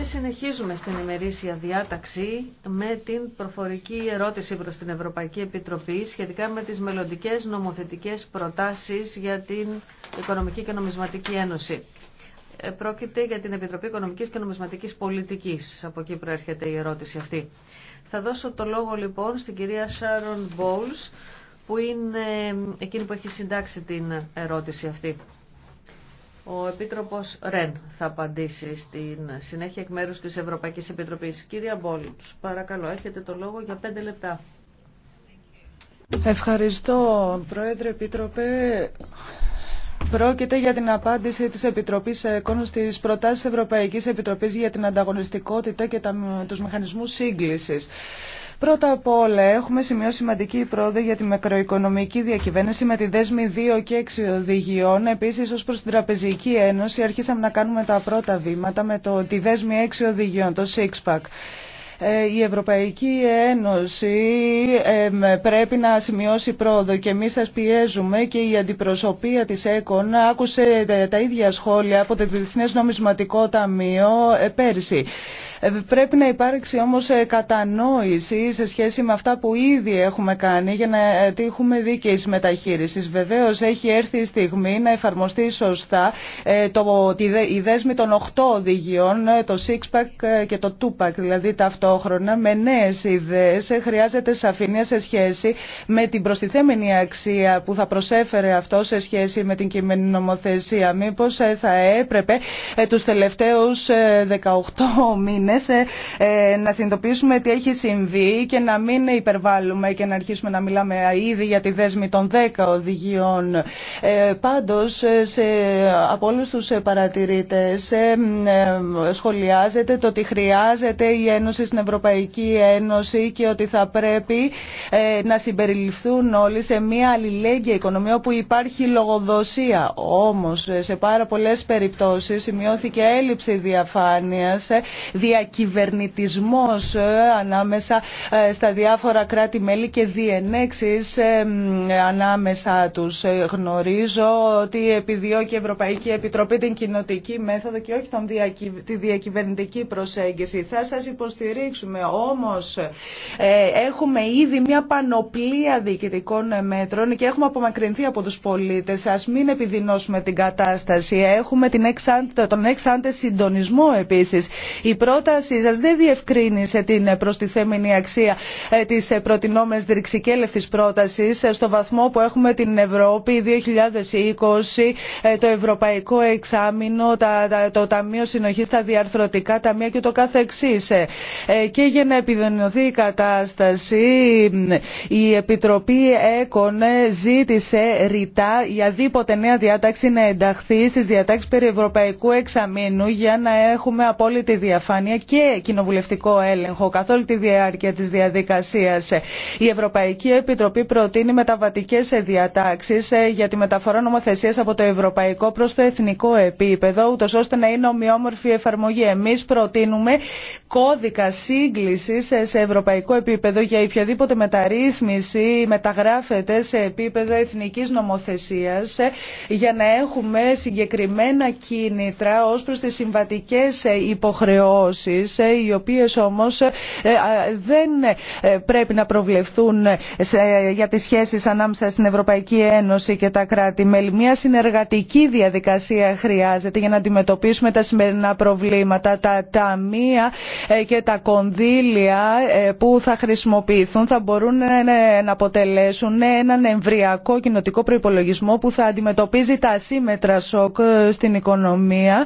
Και συνεχίζουμε στην ημερήσια διάταξη με την προφορική ερώτηση προς την Ευρωπαϊκή Επιτροπή σχετικά με τις μελλοντικέ νομοθετικές προτάσεις για την Οικονομική και Νομισματική Ένωση. Ε, πρόκειται για την Επιτροπή Οικονομικής και Νομισματικής Πολιτικής. Από εκεί προέρχεται η ερώτηση αυτή. Θα δώσω το λόγο λοιπόν στην κυρία Sharon που είναι ε, εκείνη που έχει συντάξει την ερώτηση αυτή. Ο Επίτροπος Ρεν θα απαντήσει στην συνέχεια εκ μέρους της Ευρωπαϊκής Επιτροπής. Κύριε Μπόλιτς, παρακαλώ, έχετε το λόγο για πέντε λεπτά. Ευχαριστώ, Πρόεδρε Επίτροπε. Πρόκειται για την απάντηση της Επιτροπής ΕΚΟΝ στις προτάσεις Ευρωπαϊκής Επιτροπής για την ανταγωνιστικότητα και τους μηχανισμούς σύγκλησης. Πρώτα απ' όλα έχουμε σημειώσει σημαντική πρόοδο για τη μακροοικονομική διακυβέρνηση με τη δέσμη 2 και 6 οδηγιών. Επίσης ως προς την Τραπεζική Ένωση αρχίσαμε να κάνουμε τα πρώτα βήματα με το, τη δέσμη 6 οδηγιών, το six ε, η Ευρωπαϊκή Ένωση πρέπει να σημειώσει πρόοδο και εμείς σας πιέζουμε και η αντιπροσωπεία της ΕΚΟΝ άκουσε τα, ίδια σχόλια από το Διεθνές Νομισματικό Ταμείο ε, πέρσι. Πρέπει να υπάρξει όμως ε, κατανόηση σε σχέση με αυτά που ήδη έχουμε κάνει για να ε, τύχουμε δίκαιη μεταχείριση. Βεβαίως έχει έρθει η στιγμή να εφαρμοστεί σωστά ε, το, η δέσμη των 8 οδηγιών, το 6 pack και το ΤΟΥΠΑΚ, δηλαδή ταυτόχρονα με νέες ιδέες. Χρειάζεται σαφήνεια σε σχέση με την προστιθέμενη αξία που θα προσέφερε αυτό σε σχέση με την κειμένη νομοθεσία. Μήπως θα έπρεπε τους τελευταίους 18 ε, ε, να συνειδητοποιήσουμε τι έχει συμβεί και να μην υπερβάλλουμε και να αρχίσουμε να μιλάμε ήδη για τη δέσμη των 10 οδηγιών. Ε, πάντως, σε, από όλους τους παρατηρητές σχολιάζεται το ότι χρειάζεται η Ένωση στην Ευρωπαϊκή Ένωση και ότι θα πρέπει να συμπεριληφθούν όλοι σε μια αλληλέγγυα οικονομία όπου υπάρχει λογοδοσία. Όμως, σε πάρα πολλές περιπτώσεις σημειώθηκε έλλειψη διαφάνειας, διακυβερνητισμός ε, ανάμεσα ε, στα διάφορα κράτη-μέλη και διενέξεις ε, ανάμεσα τους. Γνωρίζω ότι επιδιώκει η Ευρωπαϊκή Επιτροπή την κοινοτική μέθοδο και όχι τον τη διακυβερνητική προσέγγιση. Θα σας υποστηρίξουμε, όμως έχουμε ήδη μια πανοπλία διοικητικών μέτρων και έχουμε απομακρυνθεί από τους πολίτες. Ας μην επιδεινώσουμε την κατάσταση. Έχουμε την τον εξάντε συντονισμό επίσης. Η πρώτα πρότασή σα δεν διευκρίνησε την προστιθέμενη αξία ε, τη ε, προτινόμενη δρυξικέλευτη πρόταση ε, στο βαθμό που έχουμε την Ευρώπη 2020, το Ευρωπαϊκό Εξάμεινο, το Ταμείο συνοχή τα Διαρθρωτικά Ταμεία και το κάθε εξή. Και για να επιδεινωθεί η κατάσταση, η Επιτροπή ΕΚΟΝ ζήτησε ρητά η αδίποτε νέα διάταξη να ενταχθεί στι διατάξει περί Ευρωπαϊκού Εξαμήνου για να έχουμε απόλυτη διαφάνεια και κοινοβουλευτικό έλεγχο καθ' όλη τη διάρκεια της διαδικασίας. Η Ευρωπαϊκή Επιτροπή προτείνει μεταβατικές διατάξεις ε, για τη μεταφορά νομοθεσίας από το ευρωπαϊκό προς το εθνικό επίπεδο, ούτω ώστε να είναι ομοιόμορφη η εφαρμογή. Εμείς προτείνουμε κώδικα σύγκλησης ε, σε ευρωπαϊκό επίπεδο για οποιαδήποτε μεταρρύθμιση μεταγράφεται σε επίπεδο εθνικής νομοθεσίας ε, για να έχουμε συγκεκριμένα κίνητρα ω προς τις συμβατικές υποχρεώσεις ε, οι οποίες όμως ε, ε, δεν πρέπει να προβλεφθούν για τις σχέσεις ανάμεσα στην Ευρωπαϊκή Ένωση και τα κράτη-μέλη. Μια συνεργατική διαδικασία χρειάζεται για να αντιμετωπίσουμε τα σημερινά προβλήματα. Τα ταμεία και τα κονδύλια που θα χρησιμοποιηθούν θα μπορούν να αποτελέσουν έναν εμβριακό κοινοτικό προϋπολογισμό που θα αντιμετωπίζει τα ασύμετρα σοκ στην οικονομία.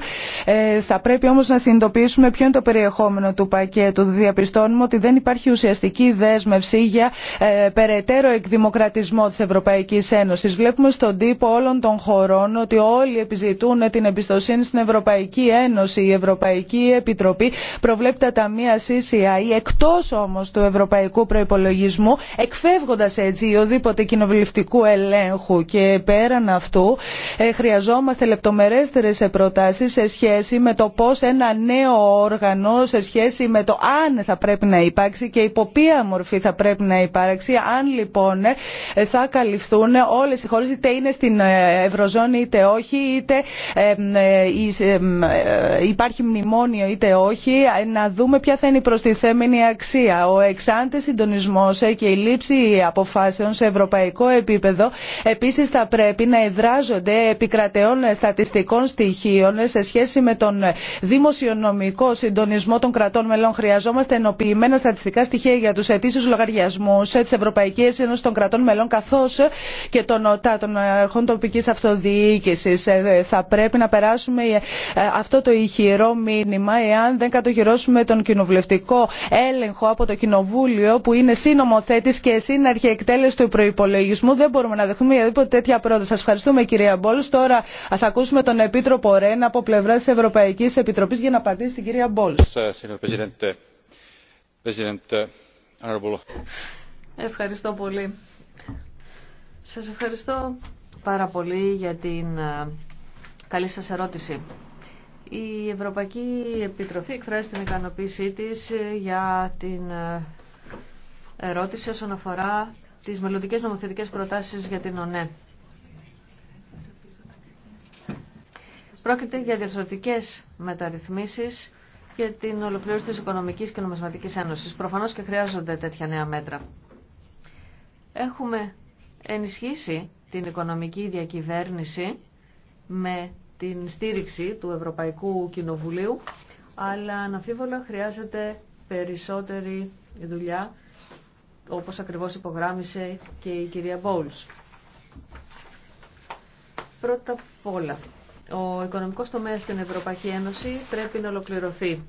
Θα πρέπει όμως να συνειδητοποιήσουμε περιεχόμενο του πακέτου. Διαπιστώνουμε ότι δεν υπάρχει ουσιαστική δέσμευση για ε, περαιτέρω εκδημοκρατισμό της Ευρωπαϊκής Ένωσης. Βλέπουμε στον τύπο όλων των χωρών ότι όλοι επιζητούν την εμπιστοσύνη στην Ευρωπαϊκή Ένωση. Η Ευρωπαϊκή Επιτροπή προβλέπει τα ταμεία CCI εκτό όμω του Ευρωπαϊκού Προπολογισμού, εκφεύγοντας έτσι οδήποτε κοινοβουλευτικού ελέγχου. Και πέραν αυτού, ε, χρειαζόμαστε λεπτομερέστερε προτάσει σε σχέση με το πώ ένα νέο όργανο σε σχέση με το αν θα πρέπει να υπάρξει και υπό ποια μορφή θα πρέπει να υπάρξει. Αν λοιπόν θα καλυφθούν όλε οι χώρε, είτε είναι στην ε, Ευρωζώνη είτε όχι, είτε ε, ε, υπάρχει μνημόνιο είτε όχι, να δούμε ποια θα είναι η προστιθέμενη αξία. Ο εξάντε συντονισμό και η λήψη αποφάσεων σε ευρωπαϊκό επίπεδο επίση θα πρέπει να εδράζονται επικρατεών στατιστικών στοιχείων σε σχέση με τον δημοσιονομικό συντονισμό συντονισμό των κρατών μελών. Χρειαζόμαστε ενοποιημένα στατιστικά στοιχεία για του ετήσιου λογαριασμού τη Ευρωπαϊκή Ένωση των κρατών μελών καθώ και των ΟΤΑ, των αρχών τοπική αυτοδιοίκηση. Ε, θα πρέπει να περάσουμε ε, αυτό το ηχηρό μήνυμα εάν δεν κατοχυρώσουμε τον κοινοβουλευτικό έλεγχο από το Κοινοβούλιο που είναι συνομοθέτη και συναρχή εκτέλεση του προπολογισμού. Δεν μπορούμε να δεχθούμε οποιαδήποτε τέτοια πρόταση. Σα ευχαριστούμε κυρία Μπόλ. Τώρα θα ακούσουμε τον Επίτροπο Ρένα από πλευρά τη Ευρωπαϊκή Επιτροπή για να απαντήσει την κυρία Μπόλ. Ε, ε, ευχαριστώ πολύ. Σας ευχαριστώ πάρα πολύ για την ε, καλή σας ερώτηση. Η Ευρωπαϊκή Επιτροφή εκφράζει την ικανοποίησή της για την ερώτηση όσον αφορά τις μελλοντικές νομοθετικές προτάσεις για την ΟΝΕ. Πρόκειται για διορθωτικές μεταρρυθμίσεις για την ολοκλήρωση της Οικονομικής και Νομισματικής Ένωσης. Προφανώς και χρειάζονται τέτοια νέα μέτρα. Έχουμε ενισχύσει την οικονομική διακυβέρνηση με την στήριξη του Ευρωπαϊκού Κοινοβουλίου, αλλά αναφίβολα χρειάζεται περισσότερη δουλειά, όπως ακριβώς υπογράμμισε και η κυρία Μπόλς. Πρώτα απ' όλα, ο οικονομικός τομέας στην Ευρωπαϊκή Ένωση πρέπει να ολοκληρωθεί.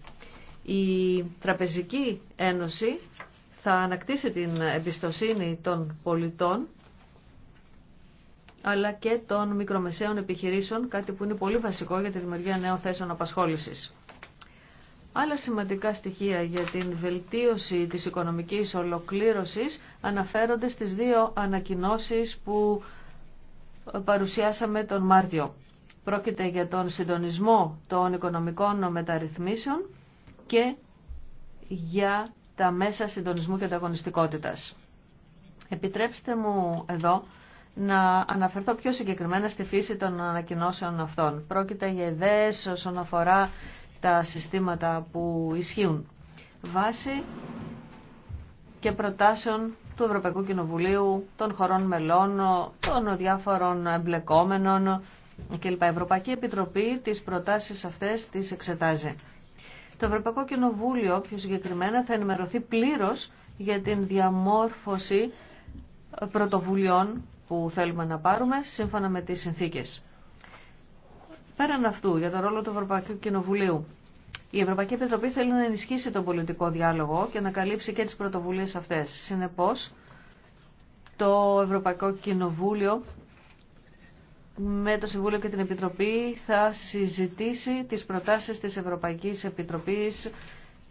Η Τραπεζική Ένωση θα ανακτήσει την εμπιστοσύνη των πολιτών αλλά και των μικρομεσαίων επιχειρήσεων, κάτι που είναι πολύ βασικό για τη δημιουργία νέων θέσεων απασχόλησης. Άλλα σημαντικά στοιχεία για την βελτίωση της οικονομικής ολοκλήρωσης αναφέρονται στις δύο ανακοινώσεις που παρουσιάσαμε τον Μάρτιο. Πρόκειται για τον συντονισμό των οικονομικών μεταρρυθμίσεων και για τα μέσα συντονισμού και ανταγωνιστικότητας. Επιτρέψτε μου εδώ να αναφερθώ πιο συγκεκριμένα στη φύση των ανακοινώσεων αυτών. Πρόκειται για ιδέες όσον αφορά τα συστήματα που ισχύουν. Βάση και προτάσεων του Ευρωπαϊκού Κοινοβουλίου, των χωρών μελών, των διάφορων εμπλεκόμενων, και Η Ευρωπαϊκή Επιτροπή τις προτάσεις αυτές τις εξετάζει. Το Ευρωπαϊκό Κοινοβούλιο πιο συγκεκριμένα θα ενημερωθεί πλήρως για την διαμόρφωση πρωτοβουλειών που θέλουμε να πάρουμε σύμφωνα με τις συνθήκες. Πέραν αυτού, για τον ρόλο του Ευρωπαϊκού Κοινοβουλίου, η Ευρωπαϊκή Επιτροπή θέλει να ενισχύσει τον πολιτικό διάλογο και να καλύψει και τις πρωτοβουλίες αυτές. Συνεπώς, το Ευρωπαϊκό Κοινοβούλιο με το Συμβούλιο και την Επιτροπή θα συζητήσει τις προτάσεις της Ευρωπαϊκής Επιτροπής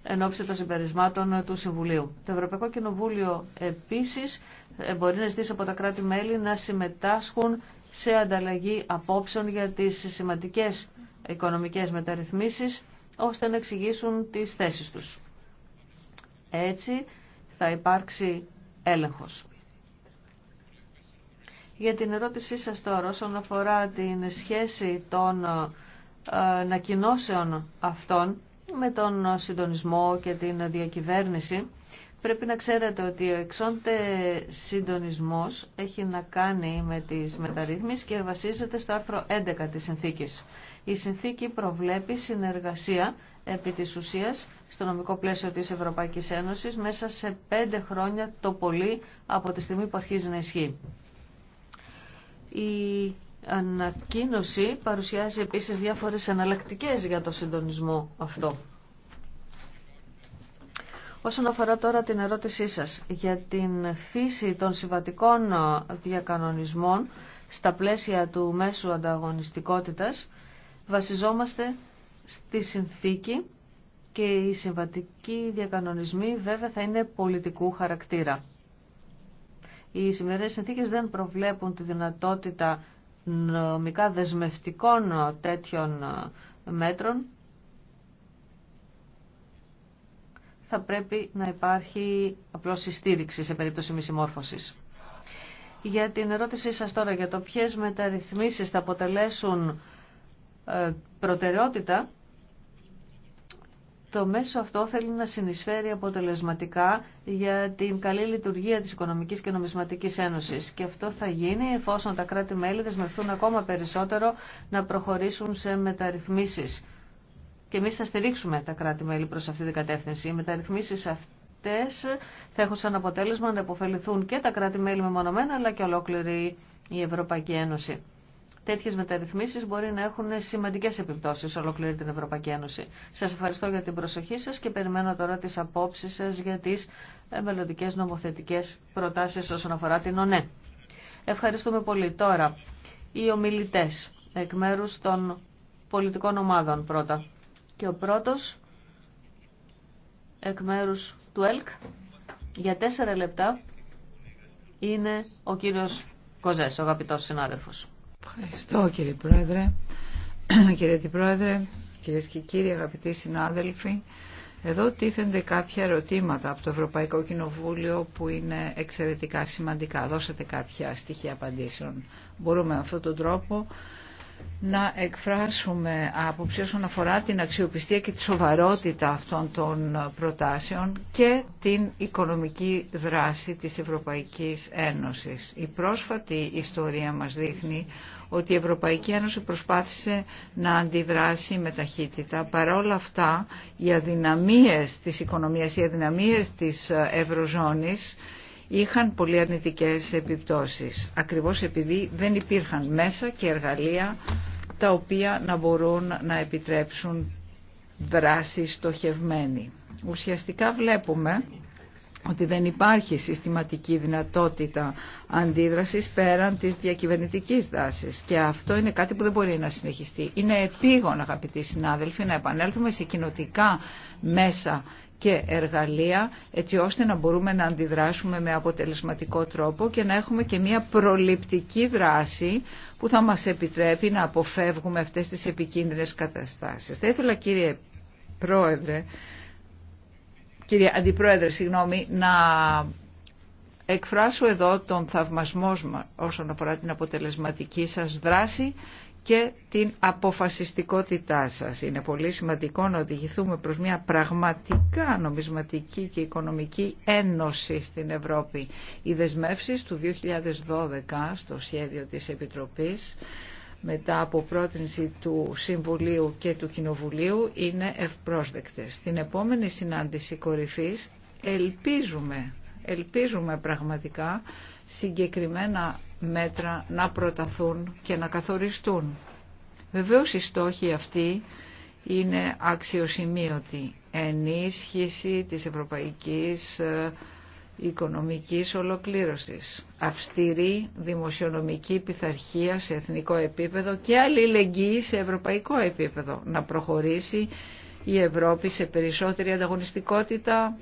εν ώψη των συμπερισμάτων του Συμβουλίου. Το Ευρωπαϊκό Κοινοβούλιο επίσης μπορεί να ζητήσει από τα κράτη-μέλη να συμμετάσχουν σε ανταλλαγή απόψεων για τις σημαντικές οικονομικές μεταρρυθμίσεις ώστε να εξηγήσουν τις θέσεις τους. Έτσι θα υπάρξει έλεγχος. Για την ερώτησή σας τώρα όσον αφορά την σχέση των ε, ανακοινώσεων αυτών με τον συντονισμό και την διακυβέρνηση, πρέπει να ξέρετε ότι ο εξόντε συντονισμός έχει να κάνει με τις μεταρρύθμισεις και βασίζεται στο άρθρο 11 της συνθήκης. Η συνθήκη προβλέπει συνεργασία επί της ουσίας στο νομικό πλαίσιο της Ευρωπαϊκής Ένωσης μέσα σε πέντε χρόνια το πολύ από τη στιγμή που αρχίζει να ισχύει. Η ανακοίνωση παρουσιάζει επίσης διάφορες εναλλακτικέ για το συντονισμό αυτό. Όσον αφορά τώρα την ερώτησή σας για την φύση των συμβατικών διακανονισμών στα πλαίσια του μέσου ανταγωνιστικότητας, βασιζόμαστε στη συνθήκη και οι συμβατικοί διακανονισμοί βέβαια θα είναι πολιτικού χαρακτήρα. Οι σημερινές συνθήκε δεν προβλέπουν τη δυνατότητα νομικά δεσμευτικών τέτοιων ε, μέτρων. Θα πρέπει να υπάρχει απλώς συστήριξη σε περίπτωση μη συμμόρφωσης. Για την ερώτησή σας τώρα για το ποιες μεταρρυθμίσεις θα αποτελέσουν ε, προτεραιότητα, το μέσο αυτό θέλει να συνεισφέρει αποτελεσματικά για την καλή λειτουργία της Οικονομικής και Νομισματικής Ένωσης. Και αυτό θα γίνει εφόσον τα κράτη-μέλη δεσμευθούν ακόμα περισσότερο να προχωρήσουν σε μεταρρυθμίσεις. Και εμείς θα στηρίξουμε τα κράτη-μέλη προς αυτή την κατεύθυνση. Οι μεταρρυθμίσεις αυτές θα έχουν σαν αποτέλεσμα να υποφεληθούν και τα κράτη-μέλη μεμονωμένα αλλά και ολόκληρη η Ευρωπαϊκή Ένωση τέτοιε μεταρρυθμίσει μπορεί να έχουν σημαντικέ επιπτώσει σε ολόκληρη την Ευρωπαϊκή Ένωση. Σα ευχαριστώ για την προσοχή σα και περιμένω τώρα τι απόψει σα για τι μελλοντικέ νομοθετικέ προτάσει όσον αφορά την ΟΝΕ. Ευχαριστούμε πολύ. Τώρα, οι ομιλητέ εκ μέρου των πολιτικών ομάδων πρώτα. Και ο πρώτο εκ μέρου του ΕΛΚ για τέσσερα λεπτά είναι ο κύριος Κοζές, ο αγαπητός συνάδελφος. Ευχαριστώ κύριε Πρόεδρε. Κύριε Πρόεδρε, κυρίες και κύριοι αγαπητοί συνάδελφοι, εδώ τίθενται κάποια ερωτήματα από το Ευρωπαϊκό Κοινοβούλιο που είναι εξαιρετικά σημαντικά. Δώσατε κάποια στοιχεία απαντήσεων. Μπορούμε με αυτόν τον τρόπο να εκφράσουμε άποψη όσον αφορά την αξιοπιστία και τη σοβαρότητα αυτών των προτάσεων και την οικονομική δράση της Ευρωπαϊκής Ένωσης. Η πρόσφατη ιστορία μας δείχνει ότι η Ευρωπαϊκή Ένωση προσπάθησε να αντιδράσει με ταχύτητα. Παρόλα αυτά, οι αδυναμίες της οικονομίας, οι αδυναμίες της Ευρωζώνης είχαν πολύ αρνητικές επιπτώσεις, ακριβώς επειδή δεν υπήρχαν μέσα και εργαλεία τα οποία να μπορούν να επιτρέψουν δράση στοχευμένη. Ουσιαστικά βλέπουμε ότι δεν υπάρχει συστηματική δυνατότητα αντίδρασης πέραν της διακυβερνητικής δάσης. Και αυτό είναι κάτι που δεν μπορεί να συνεχιστεί. Είναι επίγον, αγαπητοί συνάδελφοι, να επανέλθουμε σε κοινοτικά μέσα και εργαλεία, έτσι ώστε να μπορούμε να αντιδράσουμε με αποτελεσματικό τρόπο και να έχουμε και μια προληπτική δράση που θα μας επιτρέπει να αποφεύγουμε αυτές τις επικίνδυνες καταστάσεις. Θα ήθελα, κύριε Πρόεδρε, κύριε Αντιπρόεδρε, συγγνώμη, να εκφράσω εδώ τον θαυμασμό μας όσον αφορά την αποτελεσματική σας δράση και την αποφασιστικότητά σας. Είναι πολύ σημαντικό να οδηγηθούμε προς μια πραγματικά νομισματική και οικονομική ένωση στην Ευρώπη. Οι δεσμεύσεις του 2012 στο σχέδιο της Επιτροπής μετά από πρότρινση του Συμβουλίου και του Κοινοβουλίου είναι ευπρόσδεκτες. Στην επόμενη συνάντηση κορυφής ελπίζουμε, ελπίζουμε πραγματικά συγκεκριμένα μέτρα να προταθούν και να καθοριστούν. Βεβαίως οι στόχοι αυτοί είναι αξιοσημείωτοι. Ενίσχυση της ευρωπαϊκής ε, οικονομικής ολοκλήρωσης, αυστηρή δημοσιονομική πειθαρχία σε εθνικό επίπεδο και αλληλεγγύη σε ευρωπαϊκό επίπεδο, να προχωρήσει η Ευρώπη σε περισσότερη ανταγωνιστικότητα,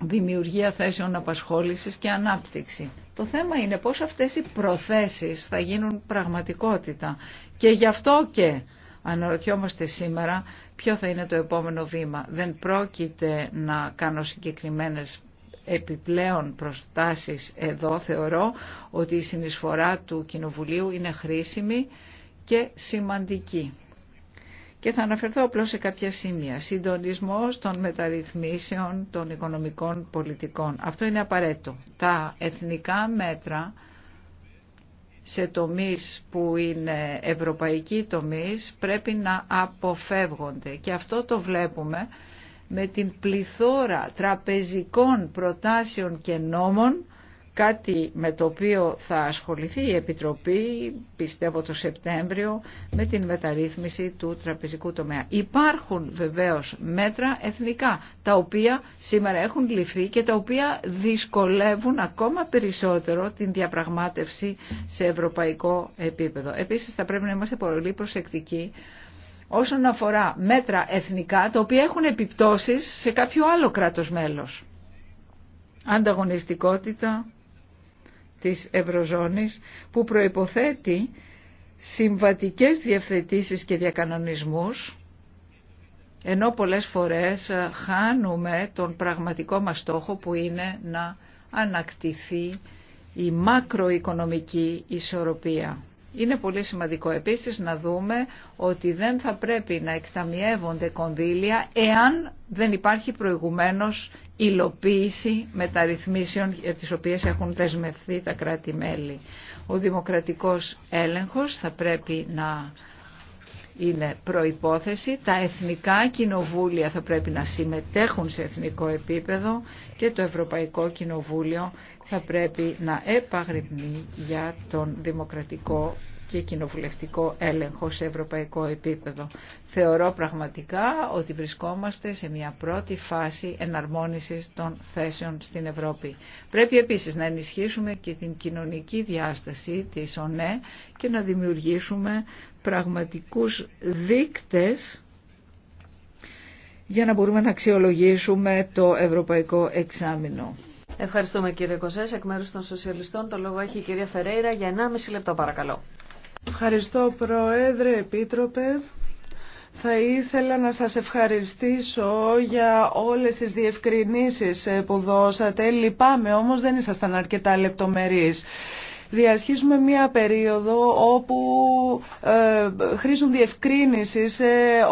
δημιουργία θέσεων απασχόλησης και ανάπτυξη. Το θέμα είναι πώς αυτές οι προθέσεις θα γίνουν πραγματικότητα και γι' αυτό και αναρωτιόμαστε σήμερα ποιο θα είναι το επόμενο βήμα. Δεν πρόκειται να κάνω συγκεκριμένες επιπλέον προστάσεις εδώ θεωρώ ότι η συνεισφορά του Κοινοβουλίου είναι χρήσιμη και σημαντική. Και θα αναφερθώ απλώ σε κάποια σημεία. Συντονισμό των μεταρρυθμίσεων των οικονομικών πολιτικών. Αυτό είναι απαραίτητο. Τα εθνικά μέτρα σε τομείς που είναι ευρωπαϊκοί τομείς πρέπει να αποφεύγονται. Και αυτό το βλέπουμε με την πληθώρα τραπεζικών προτάσεων και νόμων, κάτι με το οποίο θα ασχοληθεί η Επιτροπή, πιστεύω το Σεπτέμβριο, με την μεταρρύθμιση του τραπεζικού τομέα. Υπάρχουν βεβαίως μέτρα εθνικά, τα οποία σήμερα έχουν ληφθεί και τα οποία δυσκολεύουν ακόμα περισσότερο την διαπραγμάτευση σε ευρωπαϊκό επίπεδο. Επίσης θα πρέπει να είμαστε πολύ προσεκτικοί όσον αφορά μέτρα εθνικά τα οποία έχουν επιπτώσεις σε κάποιο άλλο κράτος μέλος. Ανταγωνιστικότητα της Ευρωζώνης που προϋποθέτει συμβατικές διευθετήσεις και διακανονισμούς ενώ πολλές φορές ε, χάνουμε τον πραγματικό μας στόχο που είναι να ανακτηθεί η μακροοικονομική ισορροπία. Είναι πολύ σημαντικό επίσης να δούμε ότι δεν θα πρέπει να εκταμιεύονται κονδύλια εάν δεν υπάρχει προηγουμένως υλοποίηση μεταρρυθμίσεων για τις οποίες έχουν δεσμευθεί τα κράτη-μέλη. Ο δημοκρατικός έλεγχος θα πρέπει να είναι προϋπόθεση. Τα εθνικά κοινοβούλια θα πρέπει να συμμετέχουν σε εθνικό επίπεδο και το Ευρωπαϊκό Κοινοβούλιο θα πρέπει να επαγρυπνεί για τον δημοκρατικό και κοινοβουλευτικό έλεγχο σε ευρωπαϊκό επίπεδο. Θεωρώ πραγματικά ότι βρισκόμαστε σε μια πρώτη φάση εναρμόνισης των θέσεων στην Ευρώπη. Πρέπει επίσης να ενισχύσουμε και την κοινωνική διάσταση της ΟΝΕ και να δημιουργήσουμε πραγματικούς δείκτες για να μπορούμε να αξιολογήσουμε το ευρωπαϊκό εξάμεινο. Ευχαριστούμε κύριε Κωσές. Εκ μέρους των Σοσιαλιστών το λόγο έχει η κυρία Φερέιρα για 1,5 λεπτό παρακαλώ. Ευχαριστώ Πρόεδρε, Επίτροπε. Θα ήθελα να σας ευχαριστήσω για όλες τις διευκρινήσεις που δώσατε. Λυπάμαι όμως δεν ήσασταν αρκετά λεπτομερείς διασχίζουμε μία περίοδο όπου ε, χρήζουν διευκρίνηση σε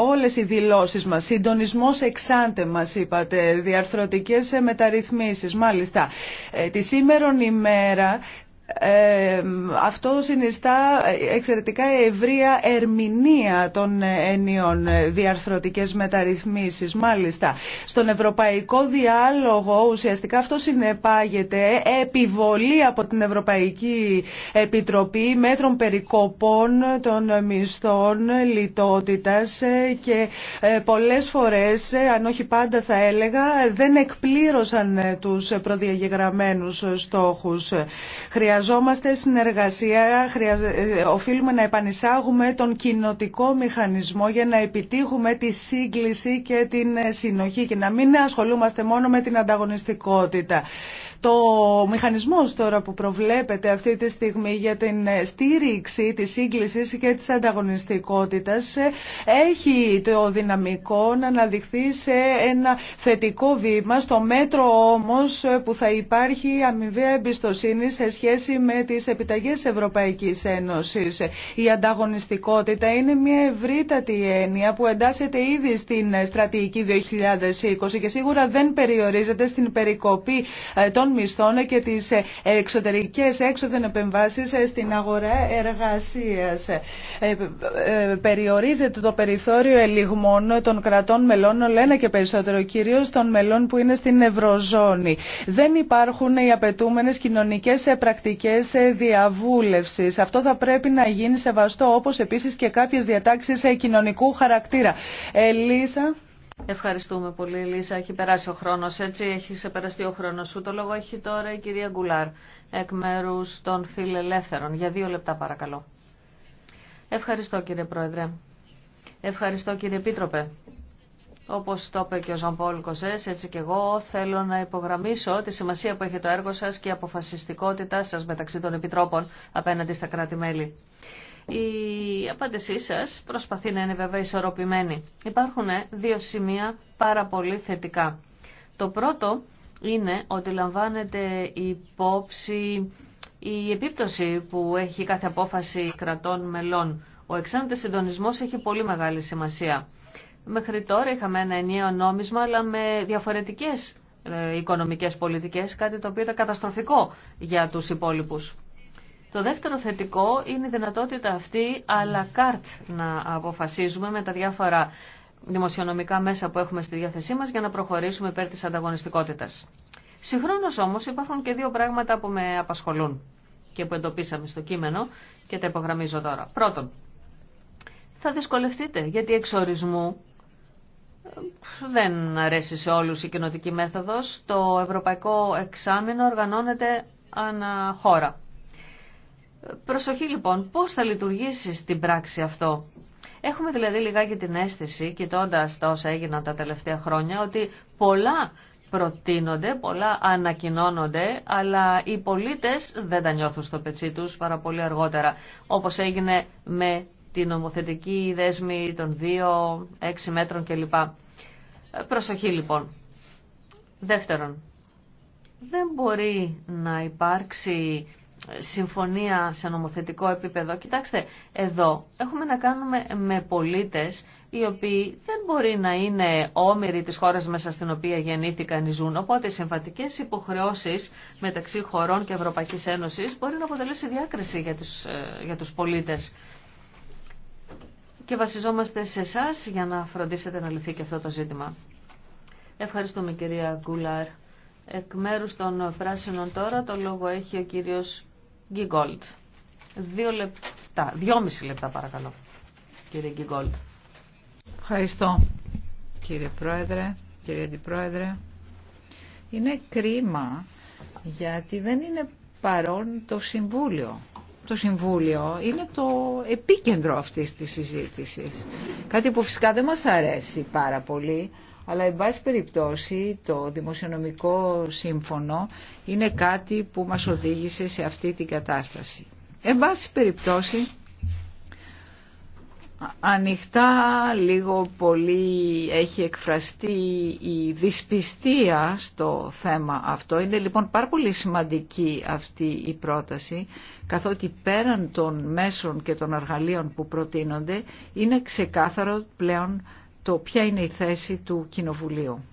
όλες οι δηλώσεις μας. Συντονισμός εξάντε μας είπατε, διαρθρωτικές μεταρρυθμίσεις. Μάλιστα, ε, τη σήμερον ημέρα αυτό συνιστά εξαιρετικά ευρεία ερμηνεία των ενίων διαρθρωτικές μεταρρυθμίσεις. Μάλιστα, στον Ευρωπαϊκό Διάλογο ουσιαστικά αυτό συνεπάγεται επιβολή από την Ευρωπαϊκή Επιτροπή μέτρων περικοπών των μισθών λιτότητας ε, και ε, πολλές φορές, ε, αν όχι πάντα θα έλεγα, δεν εκπλήρωσαν τους προδιαγεγραμμένους στόχους. Χρειαζόμαστε συνεργασία, ε, οφείλουμε να επανεισάγουμε τον κοινοτικό μηχανισμό για να επιτύχουμε τη σύγκληση και την συνοχή και να μην ασχολούμαστε μόνο με την ανταγωνιστικότητα. Το μηχανισμός τώρα που προβλέπεται αυτή τη στιγμή για την στήριξη της σύγκλησης και της ανταγωνιστικότητας ε, έχει το δυναμικό να αναδειχθεί σε ένα θετικό βήμα στο μέτρο όμως ε, που θα υπάρχει αμοιβαία εμπιστοσύνη σε σχέση με τις επιταγές Ευρωπαϊκής Ένωσης. Η ανταγωνιστικότητα είναι μια ευρύτατη έννοια που εντάσσεται ήδη στην στρατηγική 2020 και σίγουρα δεν περιορίζεται στην περικοπή ε, των μισθών και τις εξωτερικές έξωθεν επεμβάσεις στην αγορά εργασίας. Ε, ε, περιορίζεται το περιθώριο ελιγμών των κρατών μελών, όλο και περισσότερο, κυρίως των μελών που είναι στην Ευρωζώνη. Δεν υπάρχουν οι απαιτούμενε κοινωνικές πρακτικές διαβούλευσης. Αυτό θα πρέπει να γίνει σεβαστό, όπως επίσης και κάποιες διατάξεις κοινωνικού χαρακτήρα. Ελίζα. Ευχαριστούμε πολύ, Λίσα. Έχει περάσει ο χρόνο. Έτσι, έχει ξεπεραστεί ο χρόνο σου. Το λόγο έχει τώρα η κυρία Γκουλάρ, εκ μέρου των φιλελεύθερων. Για δύο λεπτά, παρακαλώ. Ευχαριστώ, κύριε Πρόεδρε. Ευχαριστώ, κύριε Επίτροπε. Όπω το είπε και ο Ζαμπόλ έτσι και εγώ θέλω να υπογραμμίσω τη σημασία που έχει το έργο σα και η αποφασιστικότητά σα μεταξύ των επιτρόπων απέναντι στα κράτη-μέλη. Η απάντησή σα προσπαθεί να είναι βέβαια ισορροπημένη. Υπάρχουν ε, δύο σημεία πάρα πολύ θετικά. Το πρώτο είναι ότι λαμβάνεται υπόψη η επίπτωση που έχει κάθε απόφαση κρατών μελών. Ο εξάνατος συντονισμό έχει πολύ μεγάλη σημασία. Μέχρι τώρα είχαμε ένα ενιαίο νόμισμα, αλλά με διαφορετικές ε, οικονομικές πολιτικές, κάτι το οποίο ήταν καταστροφικό για τους υπόλοιπους. Το δεύτερο θετικό είναι η δυνατότητα αυτή αλλά καρτ να αποφασίζουμε με τα διάφορα δημοσιονομικά μέσα που έχουμε στη διάθεσή μας για να προχωρήσουμε υπέρ της ανταγωνιστικότητας. Συγχρόνως όμως υπάρχουν και δύο πράγματα που με απασχολούν και που εντοπίσαμε στο κείμενο και τα υπογραμμίζω τώρα. Πρώτον, θα δυσκολευτείτε γιατί εξ ορισμού ε, δεν αρέσει σε όλους η κοινοτική μέθοδος. Το ευρωπαϊκό εξάμεινο οργανώνεται ανά χώρα. Προσοχή λοιπόν, πώς θα λειτουργήσει στην πράξη αυτό. Έχουμε δηλαδή λιγάκι την αίσθηση, κοιτώντα τα όσα έγιναν τα τελευταία χρόνια, ότι πολλά προτείνονται, πολλά ανακοινώνονται, αλλά οι πολίτες δεν τα νιώθουν στο πετσί τους πάρα πολύ αργότερα, όπως έγινε με την νομοθετική δέσμη των 2, 6 μέτρων κλπ. Προσοχή λοιπόν. Δεύτερον, δεν μπορεί να υπάρξει συμφωνία σε νομοθετικό επίπεδο. Κοιτάξτε, εδώ έχουμε να κάνουμε με πολίτες οι οποίοι δεν μπορεί να είναι όμοιροι της χώρας μέσα στην οποία γεννήθηκαν ή ζουν. Οπότε οι συμβατικές υποχρεώσεις μεταξύ χωρών και Ευρωπαϊκής Ένωσης μπορεί να αποτελέσει διάκριση για, τους, ε, για τους πολίτες. Και βασιζόμαστε σε εσά για να φροντίσετε να λυθεί και αυτό το ζήτημα. Ευχαριστούμε κυρία Γκούλαρ. Εκ μέρους των πράσινων τώρα το λόγο έχει ο κύριος Γκίγκολτ. Δύο λεπτά, δυόμιση λεπτά παρακαλώ, κύριε Γκίγκολτ. Ευχαριστώ, κύριε Πρόεδρε, κύριε Αντιπρόεδρε. Είναι κρίμα γιατί δεν είναι παρόν το Συμβούλιο. Το Συμβούλιο είναι το επίκεντρο αυτής της συζήτησης. Κάτι που φυσικά δεν μας αρέσει πάρα πολύ, αλλά εν πάση περιπτώσει το δημοσιονομικό σύμφωνο είναι κάτι που μας οδήγησε σε αυτή την κατάσταση. Εν πάση περιπτώσει ανοιχτά λίγο πολύ έχει εκφραστεί η δυσπιστία στο θέμα αυτό. Είναι λοιπόν πάρα πολύ σημαντική αυτή η πρόταση καθότι πέραν των μέσων και των εργαλείων που προτείνονται είναι ξεκάθαρο πλέον το ποια είναι η θέση του Κοινοβουλίου.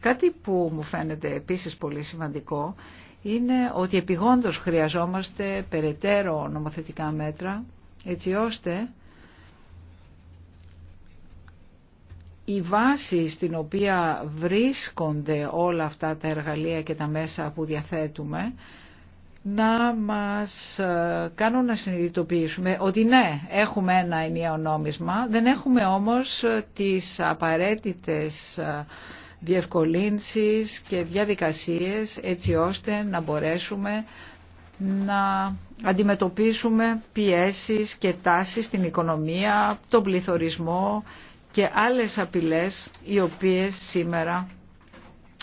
Κάτι που μου φαίνεται επίσης πολύ σημαντικό είναι ότι επιγόντως χρειαζόμαστε περαιτέρω νομοθετικά μέτρα έτσι ώστε η βάση στην οποία βρίσκονται όλα αυτά τα εργαλεία και τα μέσα που διαθέτουμε να μας ε, κάνουν να συνειδητοποιήσουμε ότι ναι, έχουμε ένα ενιαίο νόμισμα, δεν έχουμε όμως ε, τις απαραίτητες ε, διευκολύνσεις και διαδικασίες έτσι ώστε να μπορέσουμε να αντιμετωπίσουμε πιέσεις και τάσεις στην οικονομία, τον πληθωρισμό και άλλες απειλές οι οποίες σήμερα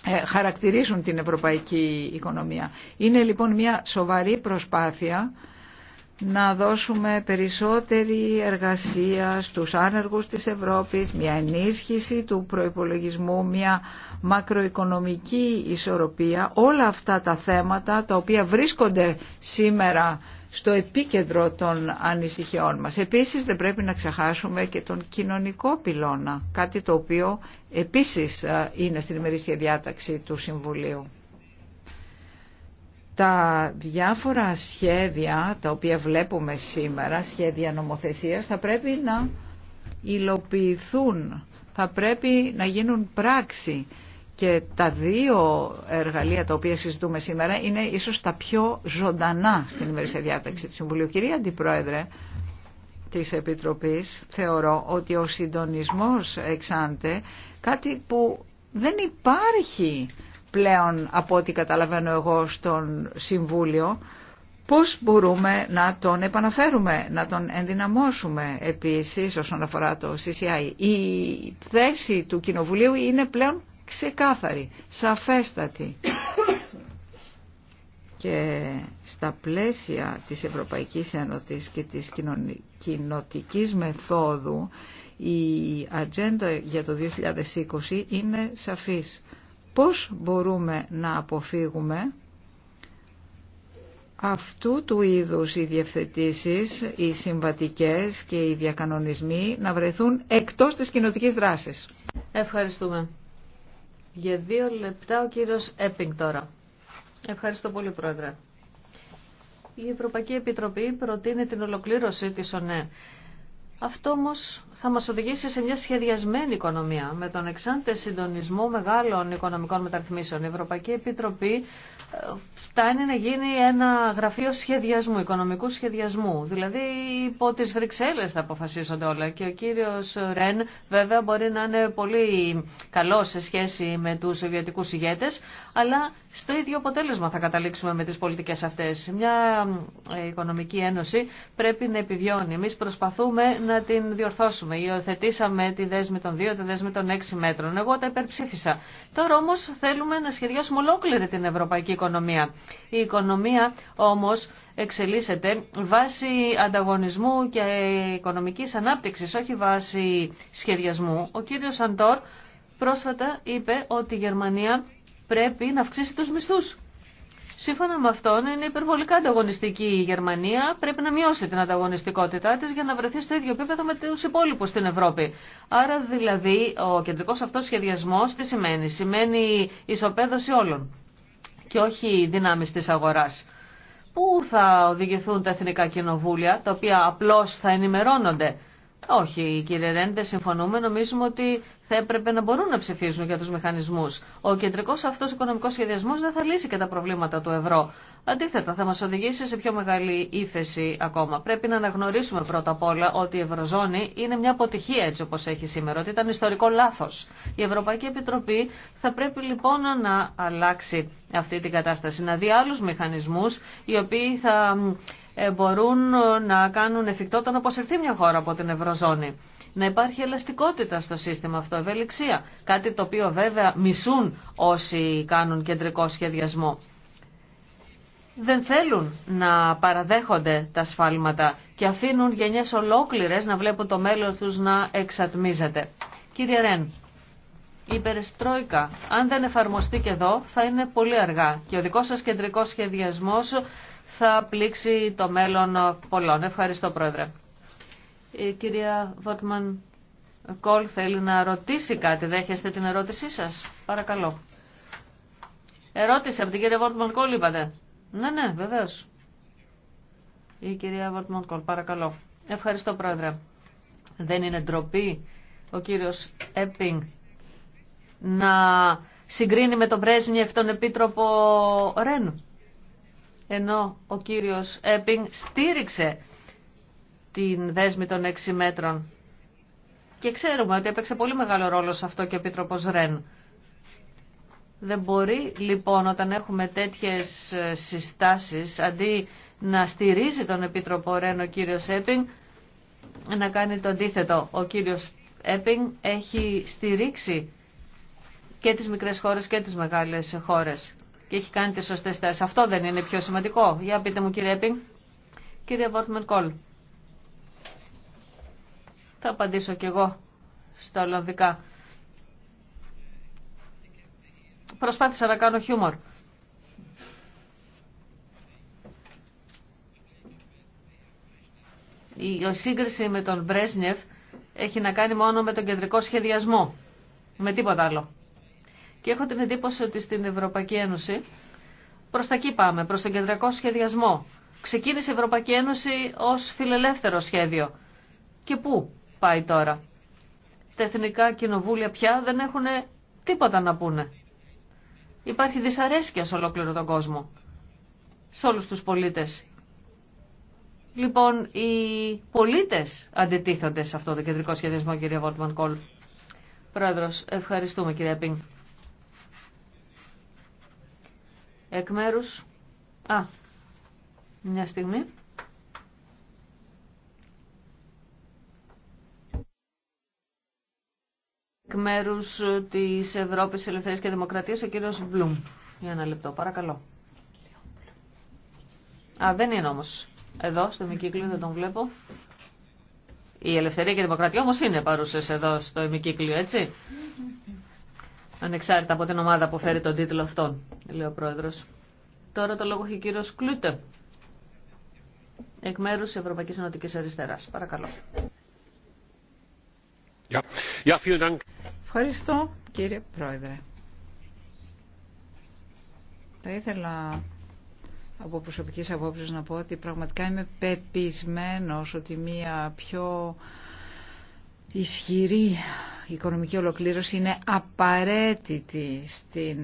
ε, χαρακτηρίζουν την ευρωπαϊκή οικονομία. Είναι λοιπόν μια σοβαρή προσπάθεια να δώσουμε περισσότερη εργασία στους άνεργους της Ευρώπης, μια ενίσχυση του προϋπολογισμού, μια μακροοικονομική ισορροπία, όλα αυτά τα θέματα τα οποία βρίσκονται σήμερα στο επίκεντρο των ανησυχιών μας. Επίσης δεν πρέπει να ξεχάσουμε και τον κοινωνικό πυλώνα, κάτι το οποίο επίσης ε, είναι στην ημερήσια διάταξη του Συμβουλίου. Τα διάφορα σχέδια τα οποία βλέπουμε σήμερα, σχέδια νομοθεσίας, θα πρέπει να υλοποιηθούν, θα πρέπει να γίνουν πράξη και τα δύο εργαλεία τα οποία συζητούμε σήμερα είναι ίσως τα πιο ζωντανά στην ημερήσια διάταξη του Συμβουλίου. Κυρία Αντιπρόεδρε της Επιτροπής, θεωρώ ότι ο συντονισμός εξάντε κάτι που δεν υπάρχει πλέον από ό,τι καταλαβαίνω εγώ στον Συμβούλιο, πώς μπορούμε να τον επαναφέρουμε, να τον ενδυναμώσουμε επίσης όσον αφορά το CCI. Η θέση του Κοινοβουλίου είναι πλέον ξεκάθαρη, σαφέστατη. Και στα πλαίσια της Ευρωπαϊκής Ένωσης και της κοινοτικής μεθόδου η ατζέντα για το 2020 είναι σαφής. Πώς μπορούμε να αποφύγουμε αυτού του είδους οι διευθετήσεις, οι συμβατικές και οι διακανονισμοί να βρεθούν εκτός της κοινοτικής δράσης. Ευχαριστούμε. Για δύο λεπτά ο κύριος Έπινγκ τώρα. Ευχαριστώ πολύ πρόεδρε. Η Ευρωπαϊκή Επιτροπή προτείνει την ολοκλήρωση της ΟΝΕ. Αυτό όμω θα μας οδηγήσει σε μια σχεδιασμένη οικονομία με τον εξάντε συντονισμό μεγάλων οικονομικών μεταρρυθμίσεων. Η Ευρωπαϊκή Επιτροπή φτάνει να γίνει ένα γραφείο σχεδιασμού, οικονομικού σχεδιασμού. Δηλαδή υπό τις Βρυξέλλες θα αποφασίζονται όλα και ο κύριος Ρεν βέβαια μπορεί να είναι πολύ καλός σε σχέση με τους σοβιετικούς ηγέτες, αλλά στο ίδιο αποτέλεσμα θα καταλήξουμε με τις πολιτικές αυτές. Μια ε, οικονομική ένωση πρέπει να επιβιώνει. Εμείς προσπαθούμε να την διορθώσουμε. Υιοθετήσαμε τη δέσμη των δύο, τη δέσμη των έξι μέτρων. Εγώ τα υπερψήφισα. Τώρα όμως θέλουμε να σχεδιάσουμε ολόκληρη την ευρωπαϊκή οικονομική. Η οικονομία όμως εξελίσσεται βάσει ανταγωνισμού και οικονομικής ανάπτυξης, όχι βάσει σχεδιασμού. Ο κύριος Αντόρ πρόσφατα είπε ότι η Γερμανία πρέπει να αυξήσει τους μισθούς. Σύμφωνα με αυτόν, είναι υπερβολικά ανταγωνιστική η Γερμανία. Πρέπει να μειώσει την ανταγωνιστικότητά τη για να βρεθεί στο ίδιο επίπεδο με του υπόλοιπου στην Ευρώπη. Άρα, δηλαδή, ο κεντρικό αυτό σχεδιασμό τι σημαίνει. Σημαίνει ισοπαίδωση όλων και όχι δυνάμεις της αγοράς. Πού θα οδηγηθούν τα εθνικά κοινοβούλια, τα οποία απλώς θα ενημερώνονται όχι, κύριε Ρέντε, συμφωνούμε. Νομίζουμε ότι θα έπρεπε να μπορούν να ψηφίζουν για του μηχανισμού. Ο κεντρικό αυτό οικονομικό σχεδιασμό δεν θα λύσει και τα προβλήματα του ευρώ. Αντίθετα, θα μα οδηγήσει σε πιο μεγάλη ύφεση ακόμα. Πρέπει να αναγνωρίσουμε πρώτα απ' όλα ότι η Ευρωζώνη είναι μια αποτυχία έτσι όπω έχει σήμερα, ότι ήταν ιστορικό λάθο. Η Ευρωπαϊκή Επιτροπή θα πρέπει λοιπόν να αλλάξει αυτή την κατάσταση, να δει άλλου μηχανισμού οι οποίοι θα ε, μπορούν ε, να κάνουν εφικτό το να αποσυρθεί μια χώρα από την Ευρωζώνη. Να υπάρχει ελαστικότητα στο σύστημα αυτό, ευελιξία. Κάτι το οποίο βέβαια μισούν όσοι κάνουν κεντρικό σχεδιασμό. Δεν θέλουν να παραδέχονται τα σφάλματα και αφήνουν γενιές ολόκληρες να βλέπουν το μέλλον τους να εξατμίζεται. Κύριε Ρεν, η περιστρόικα, αν δεν εφαρμοστεί και εδώ, θα είναι πολύ αργά και ο δικός σας κεντρικός σχεδιασμός θα πλήξει το μέλλον πολλών. Ευχαριστώ Πρόεδρε. Η κυρία Βότμαν Κόλ θέλει να ρωτήσει κάτι. Δέχεστε την ερώτησή σας. Παρακαλώ. Ερώτηση από την κυρία Βότμαν Κόλ είπατε. Ναι, ναι, βεβαίως. Η κυρία Βότμαν Κόλ, παρακαλώ. Ευχαριστώ Πρόεδρε. Δεν είναι ντροπή ο κύριος Έπινγκ να συγκρίνει με τον Πρέσνιεφ τον Επίτροπο Ρεν ενώ ο κύριος Έπινγκ στήριξε την δέσμη των 6 μέτρων. Και ξέρουμε ότι έπαιξε πολύ μεγάλο ρόλο σε αυτό και ο Επίτροπος Ρεν. Δεν μπορεί λοιπόν όταν έχουμε τέτοιες ε, συστάσεις, αντί να στηρίζει τον Επίτροπο Ρεν ο κύριος Έπινγκ, να κάνει το αντίθετο. Ο κύριος Έπινγκ έχει στηρίξει και τις μικρές χώρες και τις μεγάλες χώρες και έχει κάνει τις σωστές θέσεις. Αυτό δεν είναι πιο σημαντικό. Για πείτε μου κύριε Επίγκ. Κύριε Βόρτμαν Κόλ. Θα απαντήσω κι εγώ στα Ολλανδικά. Προσπάθησα να κάνω χιούμορ. Η σύγκριση με τον Μπρέσνιεφ έχει να κάνει μόνο με τον κεντρικό σχεδιασμό. Με τίποτα άλλο. Και έχω την εντύπωση ότι στην Ευρωπαϊκή Ένωση Προ τα εκεί πάμε, προς τον κεντρικό σχεδιασμό. Ξεκίνησε η Ευρωπαϊκή Ένωση ως φιλελεύθερο σχέδιο. Και πού πάει τώρα. Τα εθνικά κοινοβούλια πια δεν έχουν τίποτα να πούνε. Υπάρχει δυσαρέσκεια σε ολόκληρο τον κόσμο. Σε όλους τους πολίτες. Λοιπόν, οι πολίτες αντιτίθενται σε αυτό το κεντρικό σχεδιασμό, κυρία Βόρτμαν Κόλ. Πρόεδρος, ευχαριστούμε κυρία Πίνγκ. εκ μέρους... Α, μια στιγμή. Εκ μέρους της Ευρώπης Ελευθερίας και Δημοκρατίας, ο κύριος Μπλουμ. Για ένα λεπτό, παρακαλώ. Α, δεν είναι όμως. Εδώ, στο ημικύκλιο, δεν τον βλέπω. Η Ελευθερία και η Δημοκρατία όμως είναι παρούσες εδώ στο ημικύκλιο, έτσι ανεξάρτητα από την ομάδα που φέρει τον τίτλο αυτόν, λέει ο πρόεδρο. Τώρα το λόγο έχει ο κύριο Κλούτε, εκ μέρου τη Ευρωπαϊκής Ενωτικής Αριστεράς. Παρακαλώ. Ευχαριστώ κύριε πρόεδρε. Θα ήθελα από προσωπικής απόψης να πω ότι πραγματικά είμαι πεπισμένο ότι μία πιο ισχυρή οικονομική ολοκλήρωση είναι απαραίτητη στην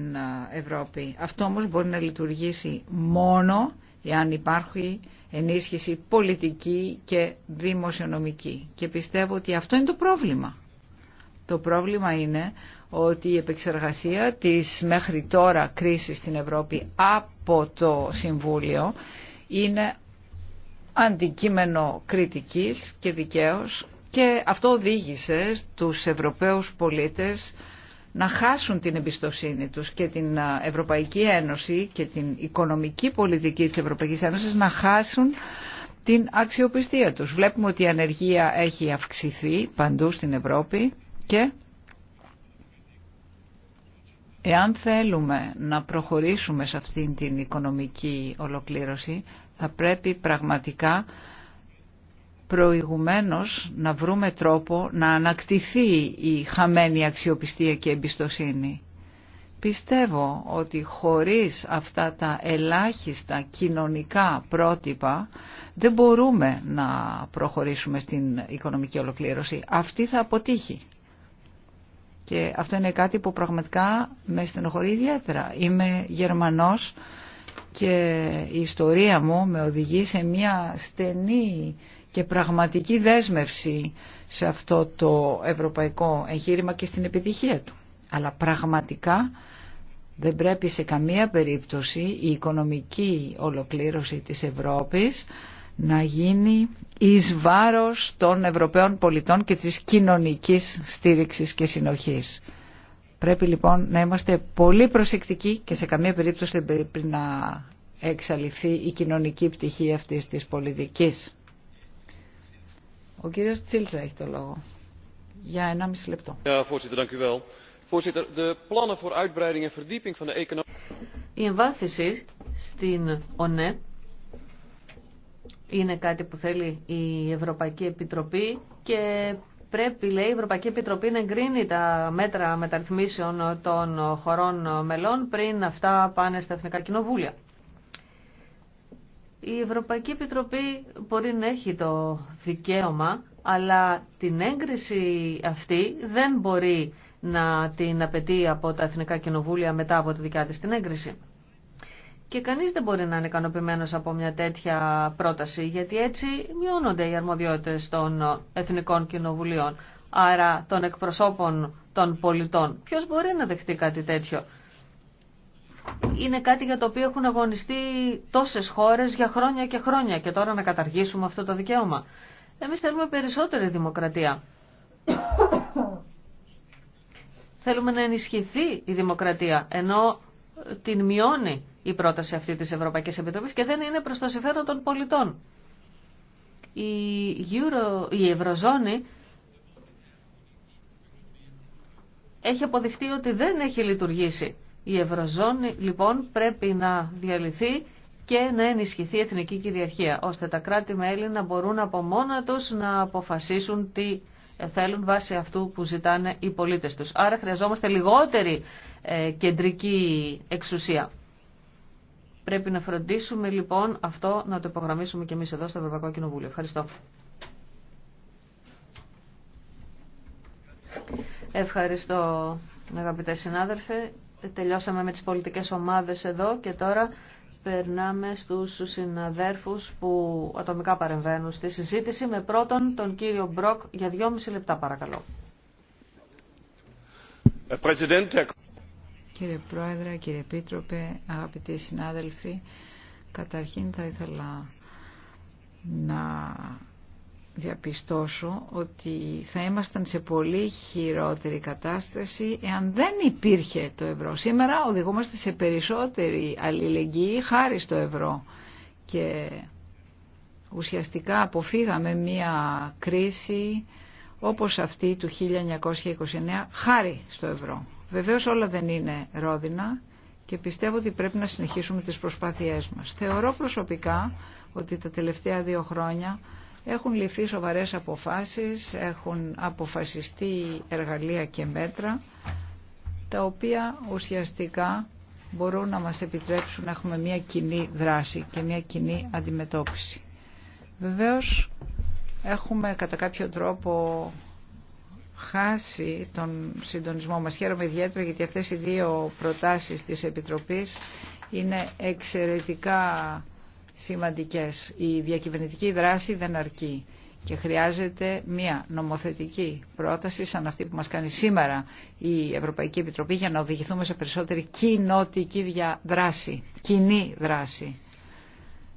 Ευρώπη. Αυτό όμως μπορεί να λειτουργήσει μόνο εάν υπάρχει ενίσχυση πολιτική και δημοσιονομική. Και πιστεύω ότι αυτό είναι το πρόβλημα. Το πρόβλημα είναι ότι η επεξεργασία της μέχρι τώρα κρίσης στην Ευρώπη από το Συμβούλιο είναι αντικείμενο κριτικής και δικαίως και αυτό οδήγησε τους Ευρωπαίους πολίτες να χάσουν την εμπιστοσύνη τους και την Ευρωπαϊκή Ένωση και την οικονομική πολιτική της Ευρωπαϊκής Ένωσης να χάσουν την αξιοπιστία τους. Βλέπουμε ότι η ανεργία έχει αυξηθεί παντού στην Ευρώπη και εάν θέλουμε να προχωρήσουμε σε αυτήν την οικονομική ολοκλήρωση θα πρέπει πραγματικά προηγουμένως να βρούμε τρόπο να ανακτηθεί η χαμένη αξιοπιστία και εμπιστοσύνη. Πιστεύω ότι χωρίς αυτά τα ελάχιστα κοινωνικά πρότυπα δεν μπορούμε να προχωρήσουμε στην οικονομική ολοκλήρωση. Αυτή θα αποτύχει. Και αυτό είναι κάτι που πραγματικά με στενοχωρεί ιδιαίτερα. Είμαι Γερμανός και η ιστορία μου με οδηγεί σε μια στενή και πραγματική δέσμευση σε αυτό το ευρωπαϊκό εγχείρημα και στην επιτυχία του. Αλλά πραγματικά δεν πρέπει σε καμία περίπτωση η οικονομική ολοκλήρωση της Ευρώπης να γίνει εις βάρος των Ευρωπαίων πολιτών και της κοινωνικής στήριξης και συνοχής. Πρέπει λοιπόν να είμαστε πολύ προσεκτικοί και σε καμία περίπτωση δεν πρέπει να εξαλειφθεί η κοινωνική πτυχή αυτής της πολιτικής. Ο κύριος Τσίλτσα έχει το λόγο. Για 1,5 λεπτό. Η εμβάθυνση στην ΟΝΕ είναι κάτι που θέλει η Ευρωπαϊκή Επιτροπή και πρέπει, λέει, η Ευρωπαϊκή Επιτροπή να εγκρίνει τα μέτρα μεταρρυθμίσεων των χωρών μελών πριν αυτά πάνε στα Εθνικά Κοινοβούλια. Η Ευρωπαϊκή Επιτροπή μπορεί να έχει το δικαίωμα, αλλά την έγκριση αυτή δεν μπορεί να την απαιτεί από τα Εθνικά Κοινοβούλια μετά από τη δικιά της την έγκριση. Και κανείς δεν μπορεί να είναι ικανοποιημένο από μια τέτοια πρόταση, γιατί έτσι μειώνονται οι αρμοδιότητες των Εθνικών Κοινοβουλίων, άρα των εκπροσώπων των πολιτών. Ποιος μπορεί να δεχτεί κάτι τέτοιο είναι κάτι για το οποίο έχουν αγωνιστεί τόσες χώρες για χρόνια και χρόνια και τώρα να καταργήσουμε αυτό το δικαίωμα. Εμείς θέλουμε περισσότερη δημοκρατία. θέλουμε να ενισχυθεί η δημοκρατία, ενώ την μειώνει η πρόταση αυτή της Ευρωπαϊκής Επιτροπής και δεν είναι προς το συμφέρον των πολιτών. Η, Euro, η Ευρωζώνη έχει αποδειχτεί ότι δεν έχει λειτουργήσει. Η Ευρωζώνη λοιπόν πρέπει να διαλυθεί και να ενισχυθεί η εθνική κυριαρχία, ώστε τα κράτη-μέλη να μπορούν από μόνα τους να αποφασίσουν τι θέλουν βάσει αυτού που ζητάνε οι πολίτες τους. Άρα χρειαζόμαστε λιγότερη ε, κεντρική εξουσία. Πρέπει να φροντίσουμε λοιπόν αυτό να το υπογραμμίσουμε και εμείς εδώ στο Ευρωπαϊκό Κοινοβούλιο. Ευχαριστώ. Ευχαριστώ αγαπητέ συνάδελφε. Τελειώσαμε με τις πολιτικές ομάδες εδώ και τώρα περνάμε στους συναδέρφους που ατομικά παρεμβαίνουν στη συζήτηση. Με πρώτον τον κύριο Μπροκ για δυόμιση λεπτά παρακαλώ. Κύριε Πρόεδρε, κύριε Επίτροπε, αγαπητοί συνάδελφοι, καταρχήν θα ήθελα να διαπιστώσω ότι θα ήμασταν σε πολύ χειρότερη κατάσταση εάν δεν υπήρχε το ευρώ. Σήμερα οδηγούμαστε σε περισσότερη αλληλεγγύη χάρη στο ευρώ και ουσιαστικά αποφύγαμε μία κρίση όπως αυτή του 1929 χάρη στο ευρώ. Βεβαίως όλα δεν είναι ρόδινα και πιστεύω ότι πρέπει να συνεχίσουμε τις προσπάθειές μας. Θεωρώ προσωπικά ότι τα τελευταία δύο χρόνια έχουν ληφθεί σοβαρές αποφάσεις, έχουν αποφασιστεί εργαλεία και μέτρα, τα οποία ουσιαστικά μπορούν να μας επιτρέψουν να έχουμε μια κοινή δράση και μια κοινή αντιμετώπιση. Βεβαίως, έχουμε κατά κάποιο τρόπο χάσει τον συντονισμό μας. Χαίρομαι ιδιαίτερα γιατί αυτές οι δύο προτάσεις της Επιτροπής είναι εξαιρετικά σημαντικές. Η διακυβερνητική δράση δεν αρκεί και χρειάζεται μια νομοθετική πρόταση σαν αυτή που μας κάνει σήμερα η Ευρωπαϊκή Επιτροπή για να οδηγηθούμε σε περισσότερη κοινοτική δράση, κοινή δράση.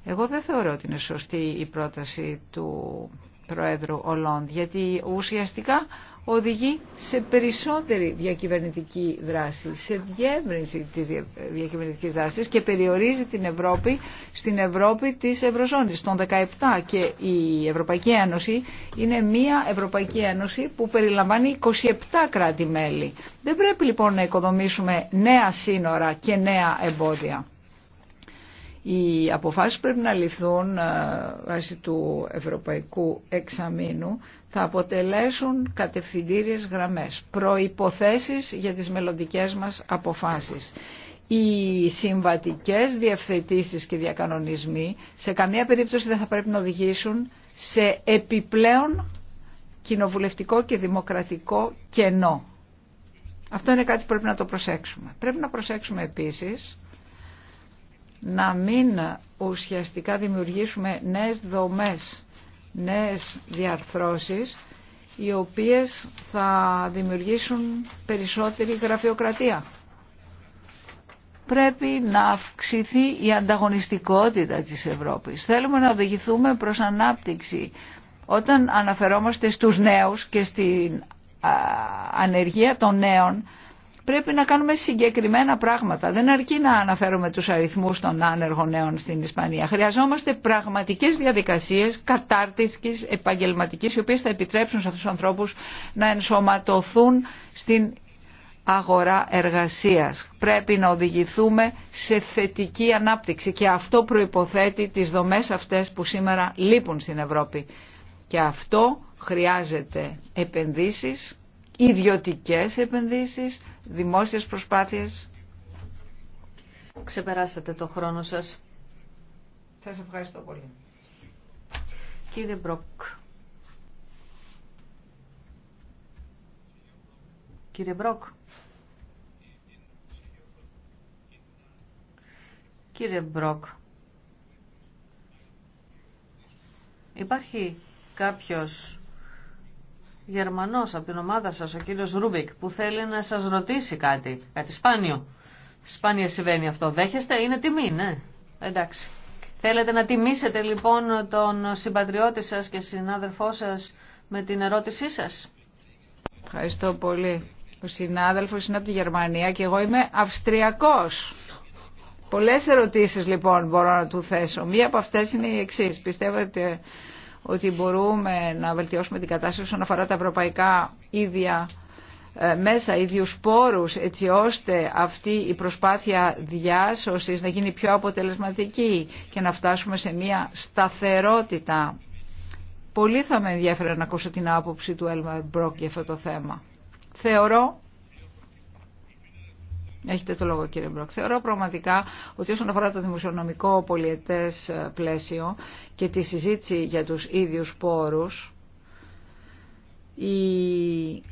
Εγώ δεν θεωρώ ότι είναι σωστή η πρόταση του Προέδρου Ολόντ, γιατί ουσιαστικά οδηγεί σε περισσότερη διακυβερνητική δράση, σε διεύρυνση της διακυβερνητικής δράσης και περιορίζει την Ευρώπη στην Ευρώπη της Ευρωζώνης, των 17. Και η Ευρωπαϊκή Ένωση είναι μια Ευρωπαϊκή Ένωση που περιλαμβάνει 27 κράτη-μέλη. Δεν πρέπει λοιπόν να οικοδομήσουμε νέα σύνορα και νέα εμπόδια. Οι αποφάσεις πρέπει να ληφθούν ε, βάσει του Ευρωπαϊκού Εξαμήνου θα αποτελέσουν κατευθυντήριες γραμμές, προϋποθέσεις για τις μελλοντικές μας αποφάσεις. Οι συμβατικές διευθετήσεις και διακανονισμοί σε καμία περίπτωση δεν θα πρέπει να οδηγήσουν σε επιπλέον κοινοβουλευτικό και δημοκρατικό κενό. Αυτό είναι κάτι που πρέπει να το προσέξουμε. Πρέπει να προσέξουμε επίσης να μην ουσιαστικά δημιουργήσουμε νέες δομές, νέες διαρθρώσεις, οι οποίες θα δημιουργήσουν περισσότερη γραφειοκρατία. Πρέπει να αυξηθεί η ανταγωνιστικότητα της Ευρώπης. Θέλουμε να οδηγηθούμε προς ανάπτυξη. Όταν αναφερόμαστε στους νέους και στην ανεργία των νέων, πρέπει να κάνουμε συγκεκριμένα πράγματα. Δεν αρκεί να αναφέρουμε τους αριθμούς των άνεργων νέων στην Ισπανία. Χρειαζόμαστε πραγματικές διαδικασίες κατάρτισης επαγγελματικής, οι οποίες θα επιτρέψουν σε αυτούς τους ανθρώπους να ενσωματωθούν στην αγορά εργασίας. Πρέπει να οδηγηθούμε σε θετική ανάπτυξη και αυτό προϋποθέτει τις δομές αυτές που σήμερα λείπουν στην Ευρώπη. Και αυτό χρειάζεται επενδύσεις ιδιωτικές επενδύσεις, δημόσιες προσπάθειες. Ξεπεράσατε το χρόνο σας. Θα σας ευχαριστώ πολύ. Κύριε Μπροκ. Κύριε Μπροκ. Κύριε Μπροκ. Υπάρχει κάποιος Γερμανός από την ομάδα σας, ο κύριος Ρούμπικ, που θέλει να σας ρωτήσει κάτι, κάτι σπάνιο. Σπάνια συμβαίνει αυτό. Δέχεστε, είναι τιμή, ναι. Εντάξει. Θέλετε να τιμήσετε λοιπόν τον συμπατριώτη σας και συνάδελφό σας με την ερώτησή σας. Ευχαριστώ πολύ. Ο συνάδελφος είναι από τη Γερμανία και εγώ είμαι Αυστριακός. Πολλές ερωτήσεις λοιπόν μπορώ να του θέσω. Μία από αυτές είναι η εξής. Πιστεύετε ότι μπορούμε να βελτιώσουμε την κατάσταση όσον αφορά τα ευρωπαϊκά ίδια ε, μέσα ίδιους πόρους έτσι ώστε αυτή η προσπάθεια διάσωσης να γίνει πιο αποτελεσματική και να φτάσουμε σε μια σταθερότητα. Πολύ θα με ενδιαφέρει να ακούσω την άποψη του Έλμαρ Μπρόκ για αυτό το θέμα. Θεωρώ Έχετε το λόγο κύριε Μπροκ. Θεωρώ πραγματικά ότι όσον αφορά το δημοσιονομικό πολιετές ε, πλαίσιο και τη συζήτηση για τους ίδιους πόρους, οι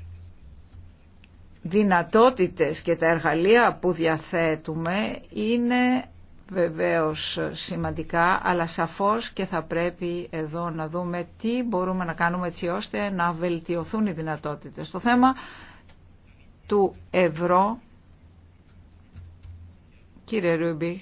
δυνατότητες και τα εργαλεία που διαθέτουμε είναι βεβαίως σημαντικά, αλλά σαφώς και θα πρέπει εδώ να δούμε τι μπορούμε να κάνουμε έτσι ώστε να βελτιωθούν οι δυνατότητες. Το θέμα του ευρώ Κύριε Ρούμπιχ,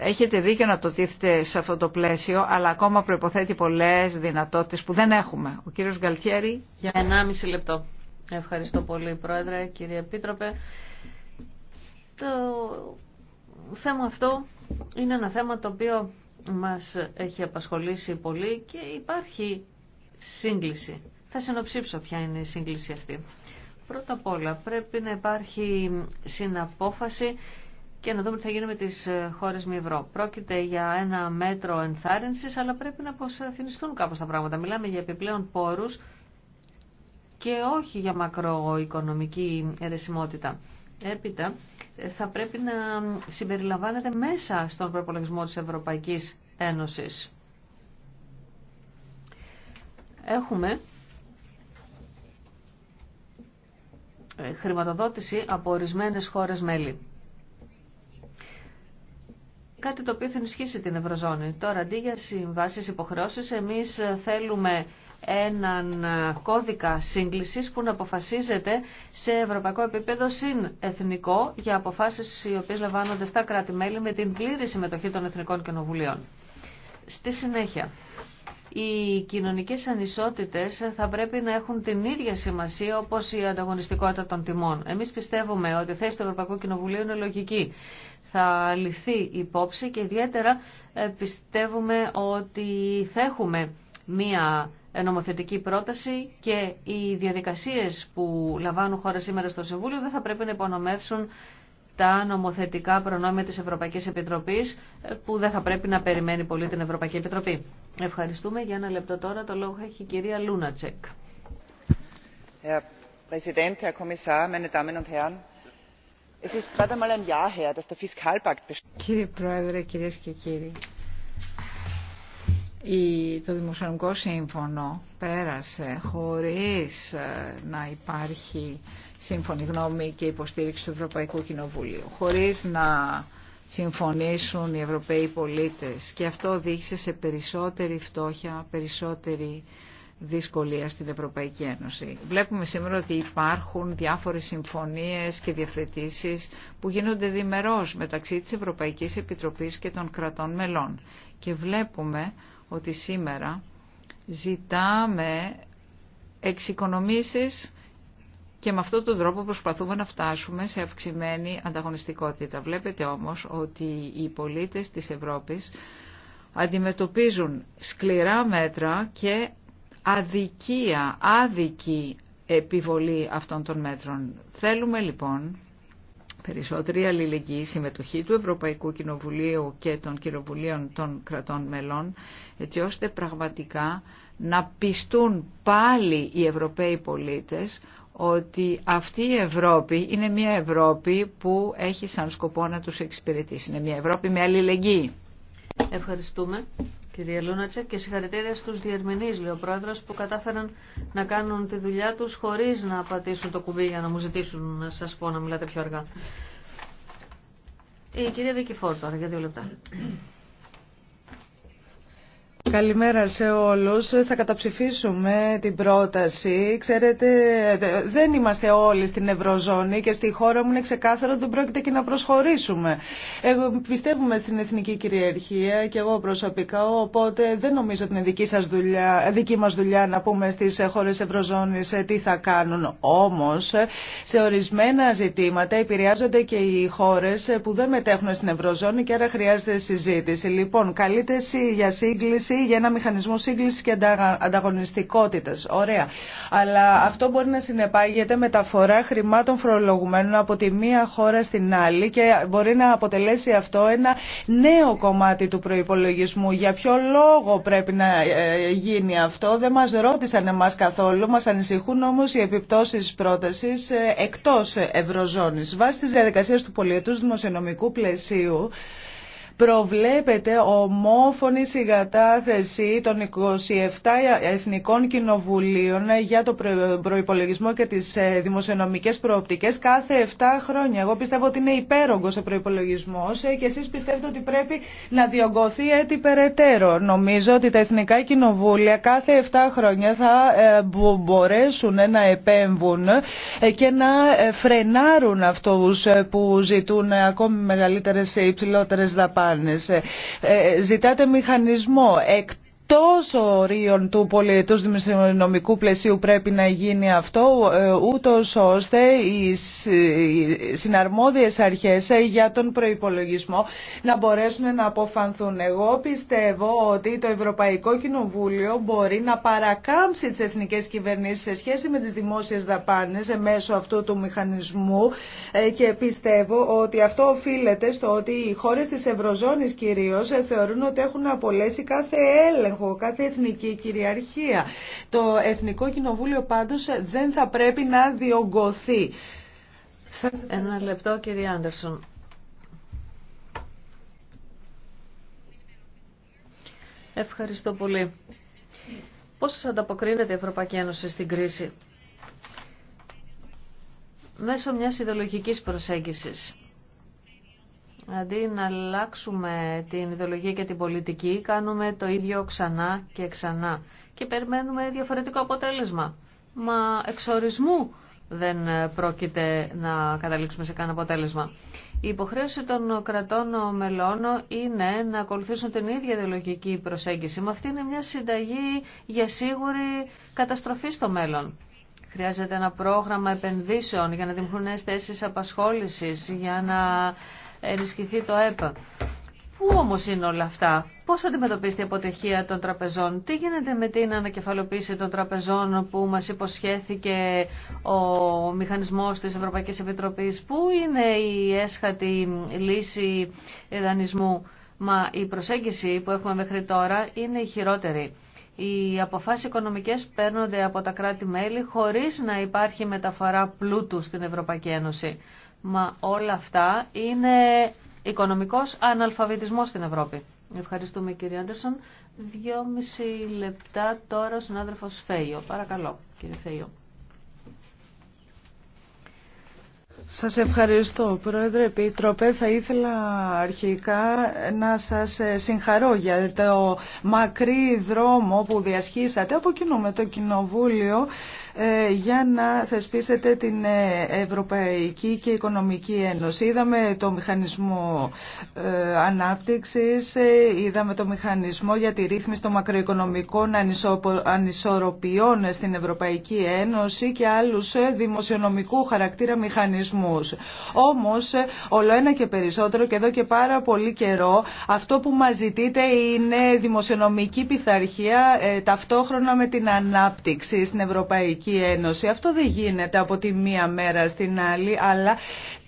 έχετε δίκιο να το τίθετε σε αυτό το πλαίσιο, αλλά ακόμα προϋποθέτει πολλές δυνατότητες που δεν έχουμε. Ο κύριος Γκαλτιέρη. Για 1,5 λεπτό. Ευχαριστώ πολύ, Πρόεδρε, κύριε Επίτροπε. Το θέμα αυτό είναι ένα θέμα το οποίο μας έχει απασχολήσει πολύ και υπάρχει σύγκληση. Θα συνοψίψω ποια είναι η σύγκληση αυτή. Πρώτα απ' όλα πρέπει να υπάρχει συναπόφαση και να δούμε τι θα γίνει με τις ε, χώρες μη ευρώ. Πρόκειται για ένα μέτρο ενθάρρυνση, αλλά πρέπει να αποσαφινιστούν κάπως τα πράγματα. Μιλάμε για επιπλέον πόρους και όχι για μακροοικονομική ερεσιμότητα. Έπειτα, ε, θα πρέπει να συμπεριλαμβάνεται μέσα στον προπολογισμό της Ευρωπαϊκής Ένωσης. Έχουμε ε, χρηματοδότηση από ορισμένες χώρες μέλη κάτι το οποίο θα ενισχύσει την Ευρωζώνη. Τώρα, αντί για συμβάσει υποχρεώσει. Εμεί θέλουμε έναν κώδικα σύγκληση που να αποφασίζεται σε ευρωπαϊκό επίπεδο συν εθνικό για αποφάσει οι οποίε λαμβάνονται στα κράτη-μέλη με την πλήρη συμμετοχή των Εθνικών Κοινοβουλίων. Στη συνέχεια, οι κοινωνικέ ανισότητε θα πρέπει να έχουν την ίδια σημασία όπω η ανταγωνιστικότητα των τιμών. Εμεί πιστεύουμε ότι η θέση του Ευρωπαϊκού Κοινοβουλίου είναι λογική θα ληφθεί υπόψη και ιδιαίτερα ε, πιστεύουμε ότι θα έχουμε μία ε, νομοθετική πρόταση και οι διαδικασίες που λαμβάνουν χώρα σήμερα στο Συμβούλιο δεν θα πρέπει να υπονομεύσουν τα νομοθετικά προνόμια της Ευρωπαϊκής Επιτροπής ε, που δεν θα πρέπει να περιμένει πολύ την Ευρωπαϊκή Επιτροπή. Ευχαριστούμε. Για ένα λεπτό τώρα το λόγο έχει η κυρία Λούνατσεκ. Κύριε Πρόεδρε, κυρίες και κύριοι, το Δημοσιονομικό Σύμφωνο πέρασε χωρίς ε, να υπάρχει σύμφωνη γνώμη και υποστήριξη του Ευρωπαϊκού Κοινοβουλίου, χωρίς να συμφωνήσουν οι Ευρωπαίοι πολίτες και αυτό οδήγησε σε περισσότερη φτώχεια, περισσότερη δυσκολία στην Ευρωπαϊκή Ένωση. Βλέπουμε σήμερα ότι υπάρχουν διάφορες συμφωνίες και διευθετήσεις που γίνονται διμερώς μεταξύ της Ευρωπαϊκής Επιτροπής και των κρατών μελών. Και βλέπουμε ότι σήμερα ζητάμε εξοικονομήσεις και με αυτόν τον τρόπο προσπαθούμε να φτάσουμε σε αυξημένη ανταγωνιστικότητα. Βλέπετε όμως ότι οι πολίτες της Ευρώπης αντιμετωπίζουν σκληρά μέτρα και αδικία, άδικη επιβολή αυτών των μέτρων. Θέλουμε λοιπόν περισσότερη αλληλεγγύη, συμμετοχή του Ευρωπαϊκού Κοινοβουλίου και των Κοινοβουλίων των κρατών μελών, έτσι ώστε πραγματικά να πιστούν πάλι οι Ευρωπαίοι πολίτες ότι αυτή η Ευρώπη είναι μια Ευρώπη που έχει σαν σκοπό να τους εξυπηρετήσει. Είναι μια Ευρώπη με αλληλεγγύη. Ευχαριστούμε κυρία Λούνατσεκ και συγχαρητήρια στους διερμηνείς, λέει ο πρόεδρο που κατάφεραν να κάνουν τη δουλειά του χωρί να πατήσουν το κουμπί για να μου ζητήσουν να σα πω να μιλάτε πιο αργά. Η κυρία Βίκη Φόρτο, για δύο λεπτά. Καλημέρα σε όλους. Θα καταψηφίσουμε την πρόταση. Ξέρετε, δεν είμαστε όλοι στην Ευρωζώνη και στη χώρα μου είναι ξεκάθαρο ότι δεν πρόκειται και να προσχωρήσουμε. Εγώ πιστεύουμε στην εθνική κυριαρχία και εγώ προσωπικά, οπότε δεν νομίζω ότι είναι δική, σας δουλειά, δική μας δουλειά να πούμε στις χώρες Ευρωζώνης τι θα κάνουν. Όμως, σε ορισμένα ζητήματα επηρεάζονται και οι χώρες που δεν μετέχουν στην Ευρωζώνη και άρα χρειάζεται συζήτηση. Λοιπόν, καλείτε για σύγκληση για ένα μηχανισμό σύγκλησης και ανταγωνιστικότητας. Ωραία. Αλλά αυτό μπορεί να συνεπάγεται μεταφορά χρημάτων φορολογουμένων από τη μία χώρα στην άλλη και μπορεί να αποτελέσει αυτό ένα νέο κομμάτι του προϋπολογισμού. Για ποιο λόγο πρέπει να ε, γίνει αυτό. Δεν μας ρώτησαν εμάς καθόλου. Μας ανησυχούν όμως οι επιπτώσεις πρότασης ε, εκτός Ευρωζώνης. Βάσει τι διαδικασίες του πολιετούς δημοσιονομικού πλαισίου προβλέπεται ομόφωνη συγκατάθεση των 27 Εθνικών Κοινοβουλίων για το προϋπολογισμό και τις ε, δημοσιονομικές προοπτικές κάθε 7 χρόνια. Εγώ πιστεύω ότι είναι υπέρογκο ο προϋπολογισμός ε, και εσείς πιστεύετε ότι πρέπει να διωγγωθεί έτσι περαιτέρω. Νομίζω ότι τα Εθνικά Κοινοβούλια κάθε 7 χρόνια θα ε, μπορέσουν να επέμβουν και να φρενάρουν αυτούς που ζητούν ακόμη μεγαλύτερες ή υψηλότερες δαπάνες. Ε, ε, ζητάτε μηχανισμό εκ τόσο ορίων του πολιετούς δημοσιονομικού πλαισίου πρέπει να γίνει αυτό, ε, ούτω, ώστε οι συναρμόδιες αρχές ε, για τον προϋπολογισμό να μπορέσουν να αποφανθούν. Εγώ πιστεύω ότι το Ευρωπαϊκό Κοινοβούλιο μπορεί να παρακάμψει τις εθνικές κυβερνήσεις σε σχέση με τις δημόσιες δαπάνες ε, μέσω αυτού του μηχανισμού και πιστεύω ότι αυτό οφείλεται στο ότι οι χώρες της Ευρωζώνης κυρίως θεωρούν ότι έχουν απολέσει κάθε έλεγχο έχω κάθε εθνική κυριαρχία. Το Εθνικό Κοινοβούλιο πάντως δεν θα πρέπει να διωγγωθεί. Ένα λεπτό κύριε Άντερσον. Ευχαριστώ πολύ. Πώς ανταποκρίνεται η Ευρωπαϊκή Ένωση στην κρίση μέσω μιας ιδεολογικής προσέγγισης. Αντί να αλλάξουμε την ιδεολογία και την πολιτική, κάνουμε το ίδιο ξανά και ξανά. Και περιμένουμε διαφορετικό αποτέλεσμα. Μα εξορισμού δεν πρόκειται να καταλήξουμε σε κανένα αποτέλεσμα. Η υποχρέωση των κρατών μελών είναι να ακολουθήσουν την ίδια ιδεολογική προσέγγιση. Μα αυτή είναι μια συνταγή για σίγουρη καταστροφή στο μέλλον. Χρειάζεται ένα πρόγραμμα επενδύσεων για να δημιουργούν νέε θέσει απασχόληση, για να ενισχυθεί το ΕΠΑ. Πού όμως είναι όλα αυτά, πώς αντιμετωπίζει η αποτυχία των τραπεζών, τι γίνεται με την ανακεφαλοποίηση των τραπεζών που μας υποσχέθηκε ο μηχανισμός της Ευρωπαϊκής Επιτροπής, πού είναι η έσχατη λύση δανεισμού. Μα η προσέγγιση που έχουμε μέχρι τώρα είναι η χειρότερη. Οι αποφάσεις οικονομικές παίρνονται από τα κράτη-μέλη χωρίς να υπάρχει μεταφορά πλούτου στην Ευρωπαϊκή Ένωση. Μα όλα αυτά είναι οικονομικός αναλφαβητισμός στην Ευρώπη. Ευχαριστούμε κύριε Άντερσον. Δυόμιση λεπτά τώρα ο συνάδελφος Φέιο. Παρακαλώ κύριε Φέιο. Σας ευχαριστώ. Πρόεδρε Επίτροπε, θα ήθελα αρχικά να σας ε, συγχαρώ για το μακρύ δρόμο που διασχίσατε από κοινού με το Κοινοβούλιο ε, για να θεσπίσετε την ε, Ευρωπαϊκή και Οικονομική Ένωση. Είδαμε το μηχανισμό ε, ανάπτυξης, είδαμε το μηχανισμό για τη ρύθμιση των μακροοικονομικών ανισορροπιών στην Ευρωπαϊκή Ένωση και άλλους δημοσιονομικού χαρακτήρα μηχανισμούς. Όμως, όλο ένα και περισσότερο και εδώ και πάρα πολύ καιρό, αυτό που μας ζητείτε είναι δημοσιονομική πειθαρχία ταυτόχρονα με την ανάπτυξη στην Ευρωπαϊκή Ένωση. Αυτό δεν γίνεται από τη μία μέρα στην άλλη, αλλά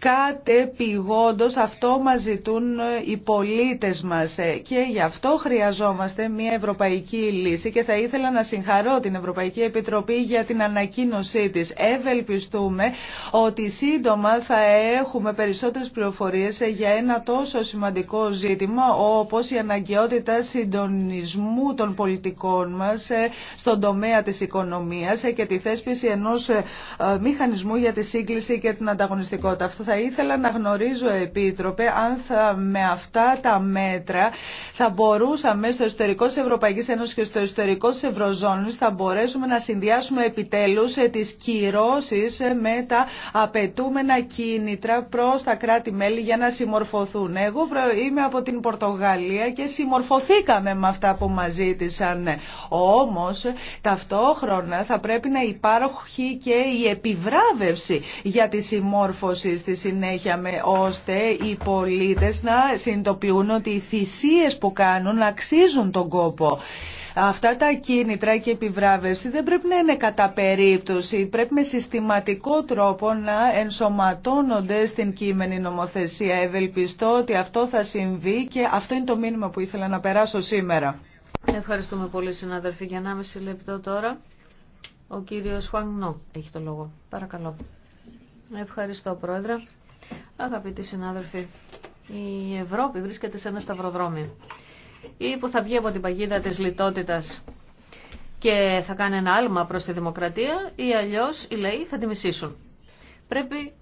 κατεπηγόντως αυτό μας ζητούν ε, οι πολίτες μας ε, και γι' αυτό χρειαζόμαστε μια ευρωπαϊκή λύση και θα ήθελα να συγχαρώ την Ευρωπαϊκή Επιτροπή για την ανακοίνωσή της. Ευελπιστούμε ότι σύντομα θα έχουμε περισσότερες πληροφορίες ε, για ένα τόσο σημαντικό ζήτημα όπως η αναγκαιότητα συντονισμού των πολιτικών μας στον τομέα της οικονομίας και τη θέσπιση ενός μηχανισμού για τη σύγκληση και την ανταγωνιστικότητα θα ήθελα να γνωρίζω, Επίτροπε, αν με αυτά τα μέτρα θα μπορούσαμε στο εσωτερικό της Ευρωπαϊκής Ένωσης και στο εσωτερικό της Ευρωζώνης θα μπορέσουμε να συνδυάσουμε επιτέλους ε, τις κυρώσεις ε, με τα απαιτούμενα κίνητρα προς τα κράτη-μέλη για να συμμορφωθούν. Εγώ είμαι από την Πορτογαλία και συμμορφωθήκαμε με αυτά που μας ζήτησαν. Όμως, ταυτόχρονα θα πρέπει να υπάρχει και η επιβράβευση για τη συμμόρφωση στις συνέχεια με, ώστε οι πολίτες να συνειδητοποιούν ότι οι θυσίες που κάνουν αξίζουν τον κόπο. Αυτά τα κίνητρα και επιβράβευση δεν πρέπει να είναι κατά περίπτωση. Πρέπει με συστηματικό τρόπο να ενσωματώνονται στην κείμενη νομοθεσία. Ευελπιστώ ότι αυτό θα συμβεί και αυτό είναι το μήνυμα που ήθελα να περάσω σήμερα. Ευχαριστούμε πολύ συνάδελφοι. Για 1,5 λεπτό τώρα ο κύριος Χουαγνό έχει το λόγο. Παρακαλώ. Ευχαριστώ, Πρόεδρε. Αγαπητοί συνάδελφοι, η Ευρώπη βρίσκεται σε ένα σταυροδρόμι ή που θα βγει από την παγίδα της λιτότητας και θα κάνει ένα άλμα προς τη δημοκρατία ή αλλιώς οι λαοί θα τη μισήσουν. Πρέπει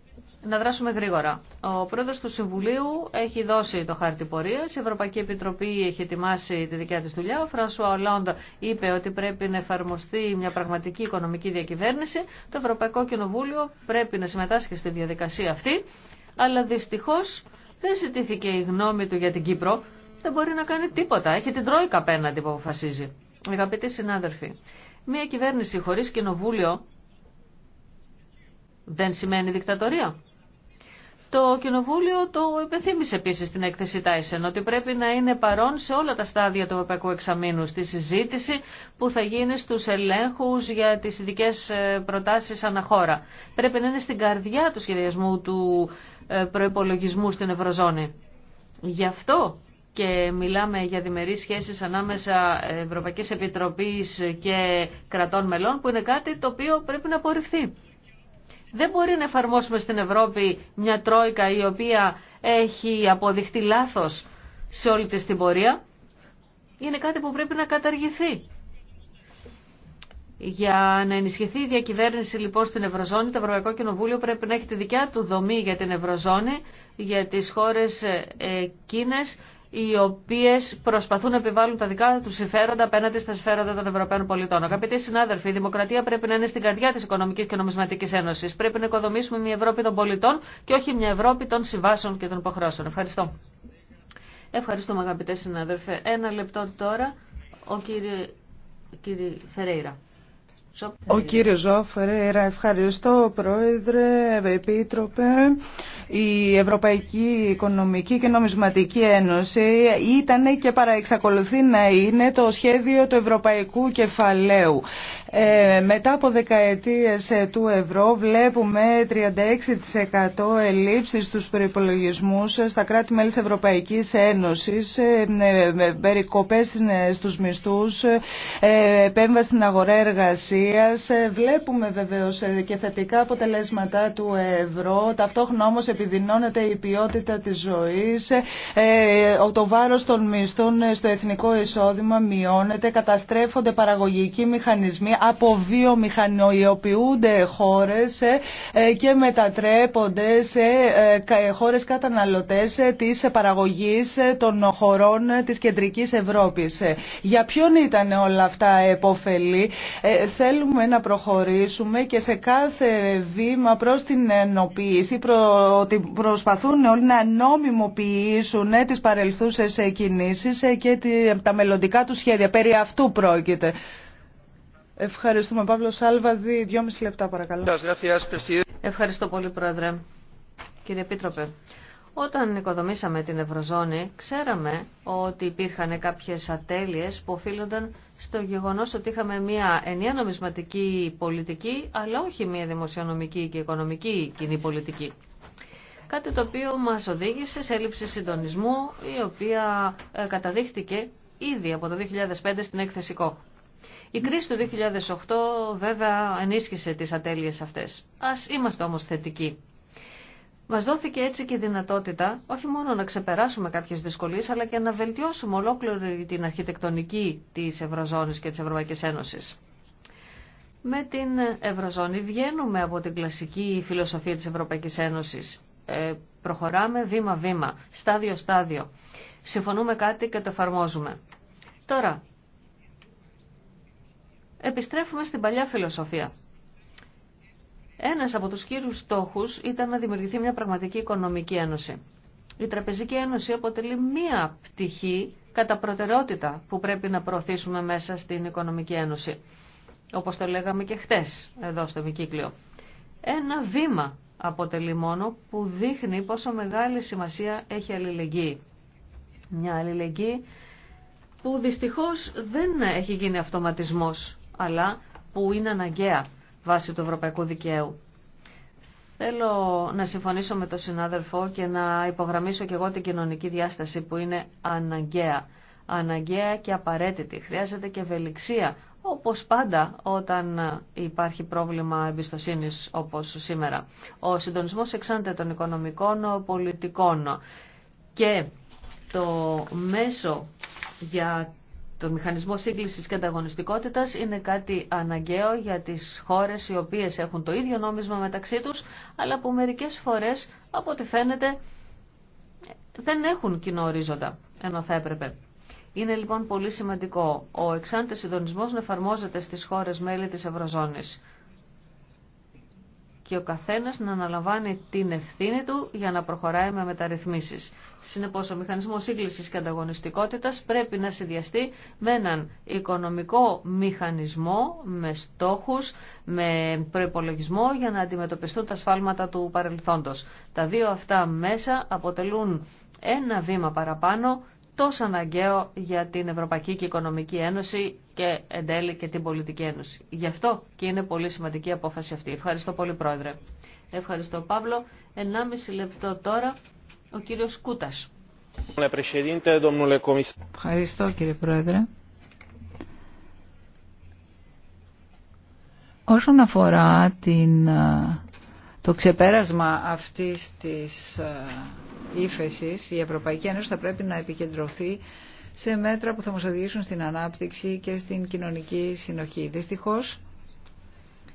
να δράσουμε γρήγορα. Ο πρόεδρος του Συμβουλίου έχει δώσει το χάρτη πορεία. η Ευρωπαϊκή Επιτροπή έχει ετοιμάσει τη δικιά τη δουλειά, ο Φρανσουά Ολόντ είπε ότι πρέπει να εφαρμοστεί μια πραγματική οικονομική διακυβέρνηση, το Ευρωπαϊκό Κοινοβούλιο πρέπει να συμμετάσχει στη διαδικασία αυτή, αλλά δυστυχώ δεν ζητήθηκε η γνώμη του για την Κύπρο, δεν μπορεί να κάνει τίποτα, έχει την Τρόικα απέναντι που αποφασίζει. Αγαπητοί συνάδελφοι, μια κυβέρνηση χωρί κοινοβούλιο δεν σημαίνει δικτατορία. Το Κοινοβούλιο το υπενθύμησε επίση στην έκθεση Τάισεν ότι πρέπει να είναι παρόν σε όλα τα στάδια του Ευρωπαϊκού Εξαμήνου στη συζήτηση που θα γίνει στου ελέγχου για τι ειδικέ ε, προτάσει αναχώρα. Πρέπει να είναι στην καρδιά του σχεδιασμού του ε, προπολογισμού στην Ευρωζώνη. Γι' αυτό και μιλάμε για διμερείς σχέσεις ανάμεσα Ευρωπαϊκής Επιτροπής και κρατών μελών που είναι κάτι το οποίο πρέπει να απορριφθεί. Δεν μπορεί να εφαρμόσουμε στην Ευρώπη μια τρόικα η οποία έχει αποδειχτεί λάθος σε όλη τη την πορεία. Είναι κάτι που πρέπει να καταργηθεί. Για να ενισχυθεί η διακυβέρνηση λοιπόν στην Ευρωζώνη, το Ευρωπαϊκό Κοινοβούλιο πρέπει να έχει τη δικιά του δομή για την Ευρωζώνη, για τις χώρες εκείνες οι οποίε προσπαθούν να επιβάλλουν τα δικά του συμφέροντα απέναντι στα συμφέροντα των Ευρωπαίων πολιτών. Αγαπητοί συνάδελφοι, η δημοκρατία πρέπει να είναι στην καρδιά τη Οικονομική και Νομισματική Ένωση. Πρέπει να οικοδομήσουμε μια Ευρώπη των πολιτών και όχι μια Ευρώπη των συμβάσεων και των υποχρεώσεων. Ευχαριστώ. Ευχαριστούμε αγαπητέ συνάδελφε. Ένα λεπτό τώρα ο κύριε, κύριε Φερέιρα. Ο κύριος Φεραίρα. ευχαριστώ πρόεδρε, επίτροπε. Η Ευρωπαϊκή Οικονομική και Νομισματική Ένωση ήταν και παραεξακολουθεί να είναι το σχέδιο του Ευρωπαϊκού Κεφαλαίου. Ε, μετά από δεκαετίες ε, του ευρώ βλέπουμε 36% ελλείψεις στους προϋπολογισμούς ε, στα κράτη-μέλη της Ευρωπαϊκής Ένωσης, περικοπές στους μισθούς, επέμβαση στην αγορά εργασίας. Βλέπουμε βεβαίως και θετικά αποτελέσματα του ευρώ, ταυτόχρονα όμως επιδεινώνεται η ποιότητα της ζωής, το βάρος των μισθών στο εθνικό εισόδημα μειώνεται, καταστρέφονται παραγωγικοί μηχανισμοί, από βιομηχανοϊοποιούνται χώρες ε, ε, και μετατρέπονται σε ε, χώρες καταναλωτές της παραγωγής των χωρών της κεντρικής Ευρώπης. Για ποιον ήταν όλα αυτά επωφελή. Θέλουμε να προχωρήσουμε και σε κάθε βήμα προς την ενοποίηση ότι προσπαθούν όλοι να νόμιμοποιήσουν τις παρελθούσες κινήσεις και τα μελλοντικά του σχέδια. Περί αυτού πρόκειται. Ευχαριστούμε. Παύλο Σάλβαδη, δυόμιση λεπτά παρακαλώ. Ευχαριστώ πολύ, Πρόεδρε. Κύριε Επίτροπε, όταν οικοδομήσαμε την Ευρωζώνη, ξέραμε ότι υπήρχαν κάποιες ατέλειες που οφείλονταν στο γεγονός ότι είχαμε μια ενιαία νομισματική πολιτική, αλλά όχι μια δημοσιονομική και οικονομική κοινή πολιτική. Κάτι το οποίο μας οδήγησε σε έλλειψη συντονισμού, η οποία ε, καταδείχτηκε ήδη από το 2005 στην έκθεση ΚΟΚ. Η κρίση του 2008 βέβαια ενίσχυσε τις ατέλειες αυτές. Ας είμαστε όμως θετικοί. Μας δόθηκε έτσι και η δυνατότητα όχι μόνο να ξεπεράσουμε κάποιες δυσκολίες, αλλά και να βελτιώσουμε ολόκληρη την αρχιτεκτονική της Ευρωζώνης και της Ευρωπαϊκής Ένωσης. Με την Ευρωζώνη βγαίνουμε από την κλασική φιλοσοφία της Ευρωπαϊκής Ένωσης. Ε, προχωράμε βήμα-βήμα, στάδιο-στάδιο. Συμφωνούμε κάτι και το εφαρμόζουμε. Τώρα, επιστρέφουμε στην παλιά φιλοσοφία. Ένας από τους κύριους στόχους ήταν να δημιουργηθεί μια πραγματική οικονομική ένωση. Η Τραπεζική Ένωση αποτελεί μία πτυχή κατά προτεραιότητα που πρέπει να προωθήσουμε μέσα στην Οικονομική Ένωση. Όπως το λέγαμε και χτες εδώ στο Μικύκλιο. Ένα βήμα αποτελεί μόνο που δείχνει πόσο μεγάλη σημασία έχει αλληλεγγύη. Μια αλληλεγγύη που δυστυχώς δεν έχει γίνει αυτοματισμός αλλά που είναι αναγκαία βάσει του ευρωπαϊκού δικαίου. Θέλω να συμφωνήσω με τον συνάδελφο και να υπογραμμίσω και εγώ την κοινωνική διάσταση που είναι αναγκαία. Αναγκαία και απαραίτητη. Χρειάζεται και ευελιξία, όπως πάντα όταν υπάρχει πρόβλημα εμπιστοσύνης όπως σήμερα. Ο συντονισμός εξάντια των οικονομικών πολιτικών και το μέσο για το μηχανισμό σύγκλησης και ανταγωνιστικότητας είναι κάτι αναγκαίο για τις χώρες οι οποίες έχουν το ίδιο νόμισμα μεταξύ τους, αλλά που μερικές φορές, από ό,τι φαίνεται, δεν έχουν κοινό ορίζοντα, ενώ θα έπρεπε. Είναι λοιπόν πολύ σημαντικό ο εξάντες συντονισμός να εφαρμόζεται στις χώρες μέλη της Ευρωζώνης και ο καθένας να αναλαμβάνει την ευθύνη του για να προχωράει με μεταρρυθμίσεις. Συνεπώς ο μηχανισμός σύγκλησης και ανταγωνιστικότητας πρέπει να συνδυαστεί με έναν οικονομικό μηχανισμό, με στόχους, με προϋπολογισμό για να αντιμετωπιστούν τα σφάλματα του παρελθόντος. Τα δύο αυτά μέσα αποτελούν ένα βήμα παραπάνω τόσο αναγκαίο για την Ευρωπαϊκή και Οικονομική Ένωση και εν τέλει και την Πολιτική Ένωση. Γι' αυτό και είναι πολύ σημαντική η απόφαση αυτή. Ευχαριστώ πολύ Πρόεδρε. Ευχαριστώ Παύλο. 1,5 λεπτό τώρα ο κύριος Κούτας. Ευχαριστώ κύριε Πρόεδρε. Όσον αφορά το ξεπέρασμα αυτής της ε, ύφεση, η Ευρωπαϊκή Ένωση θα πρέπει να επικεντρωθεί σε μέτρα που θα μας οδηγήσουν στην ανάπτυξη και στην κοινωνική συνοχή. Δυστυχώς,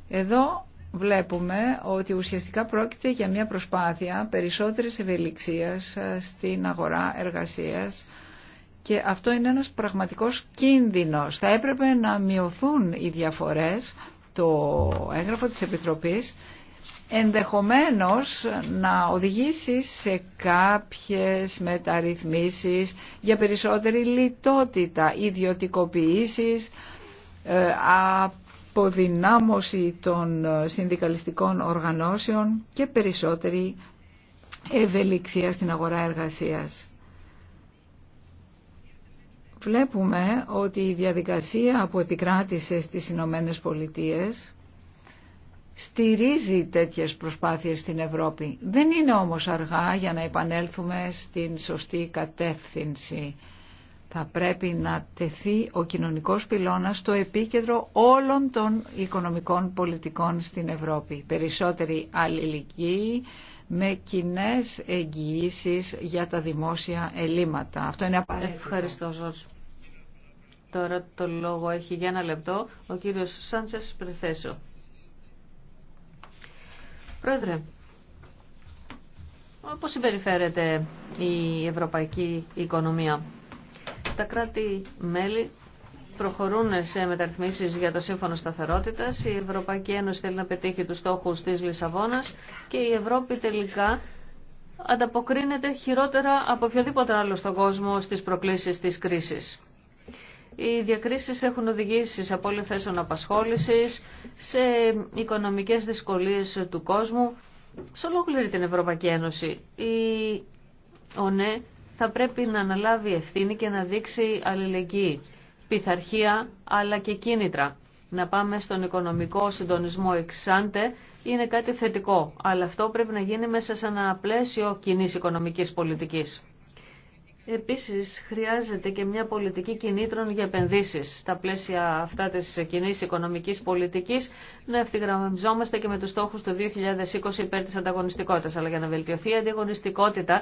εδώ βλέπουμε ότι ουσιαστικά πρόκειται για μια προσπάθεια περισσότερης ευελιξίας ε, στην αγορά εργασίας και αυτό είναι ένας πραγματικός κίνδυνος. Θα έπρεπε να μειωθούν οι διαφορές το έγγραφο της Επιτροπής ενδεχομένως να οδηγήσει σε κάποιες μεταρρυθμίσεις για περισσότερη λιτότητα, ιδιωτικοποιήσεις, ε, αποδυνάμωση των συνδικαλιστικών οργανώσεων και περισσότερη ευελιξία στην αγορά εργασίας. Βλέπουμε ότι η διαδικασία που επικράτησε στις Ηνωμένε Πολιτείες στηρίζει τέτοιες προσπάθειες στην Ευρώπη. Δεν είναι όμως αργά για να επανέλθουμε στην σωστή κατεύθυνση. Θα πρέπει να τεθεί ο κοινωνικός πυλώνας στο επίκεντρο όλων των οικονομικών πολιτικών στην Ευρώπη. Περισσότερη αλληλική με κοινέ εγγυήσει για τα δημόσια ελλείμματα. Αυτό είναι απαραίτητο. Ευχαριστώ, Τώρα το λόγο έχει για ένα λεπτό ο κύριος Σάντσες Πρεθέσο. Πρόεδρε, πώς συμπεριφέρεται η ευρωπαϊκή οικονομία. Τα κράτη-μέλη προχωρούν σε μεταρρυθμίσεις για το Σύμφωνο σταθερότητας. Η Ευρωπαϊκή Ένωση θέλει να πετύχει του στόχου της Λισαβόνα και η Ευρώπη τελικά ανταποκρίνεται χειρότερα από οποιοδήποτε άλλο στον κόσμο στις προκλήσεις της κρίσης. Οι διακρίσεις έχουν οδηγήσει σε απώλειες θέσεων σε οικονομικές δυσκολίες του κόσμου, σε ολόκληρη την Ευρωπαϊκή Ένωση. Η ΟΝΕ θα πρέπει να αναλάβει ευθύνη και να δείξει αλληλεγγύη, πειθαρχία αλλά και κίνητρα. Να πάμε στον οικονομικό συντονισμό εξάντε είναι κάτι θετικό, αλλά αυτό πρέπει να γίνει μέσα σε ένα πλαίσιο κοινή οικονομικής πολιτικής. Επίσης χρειάζεται και μια πολιτική κινήτρων για επενδύσεις. Στα πλαίσια αυτά της κοινή οικονομικής πολιτικής να ευθυγραμμιζόμαστε και με τους στόχους του 2020 υπέρ της ανταγωνιστικότητας. Αλλά για να βελτιωθεί η ανταγωνιστικότητα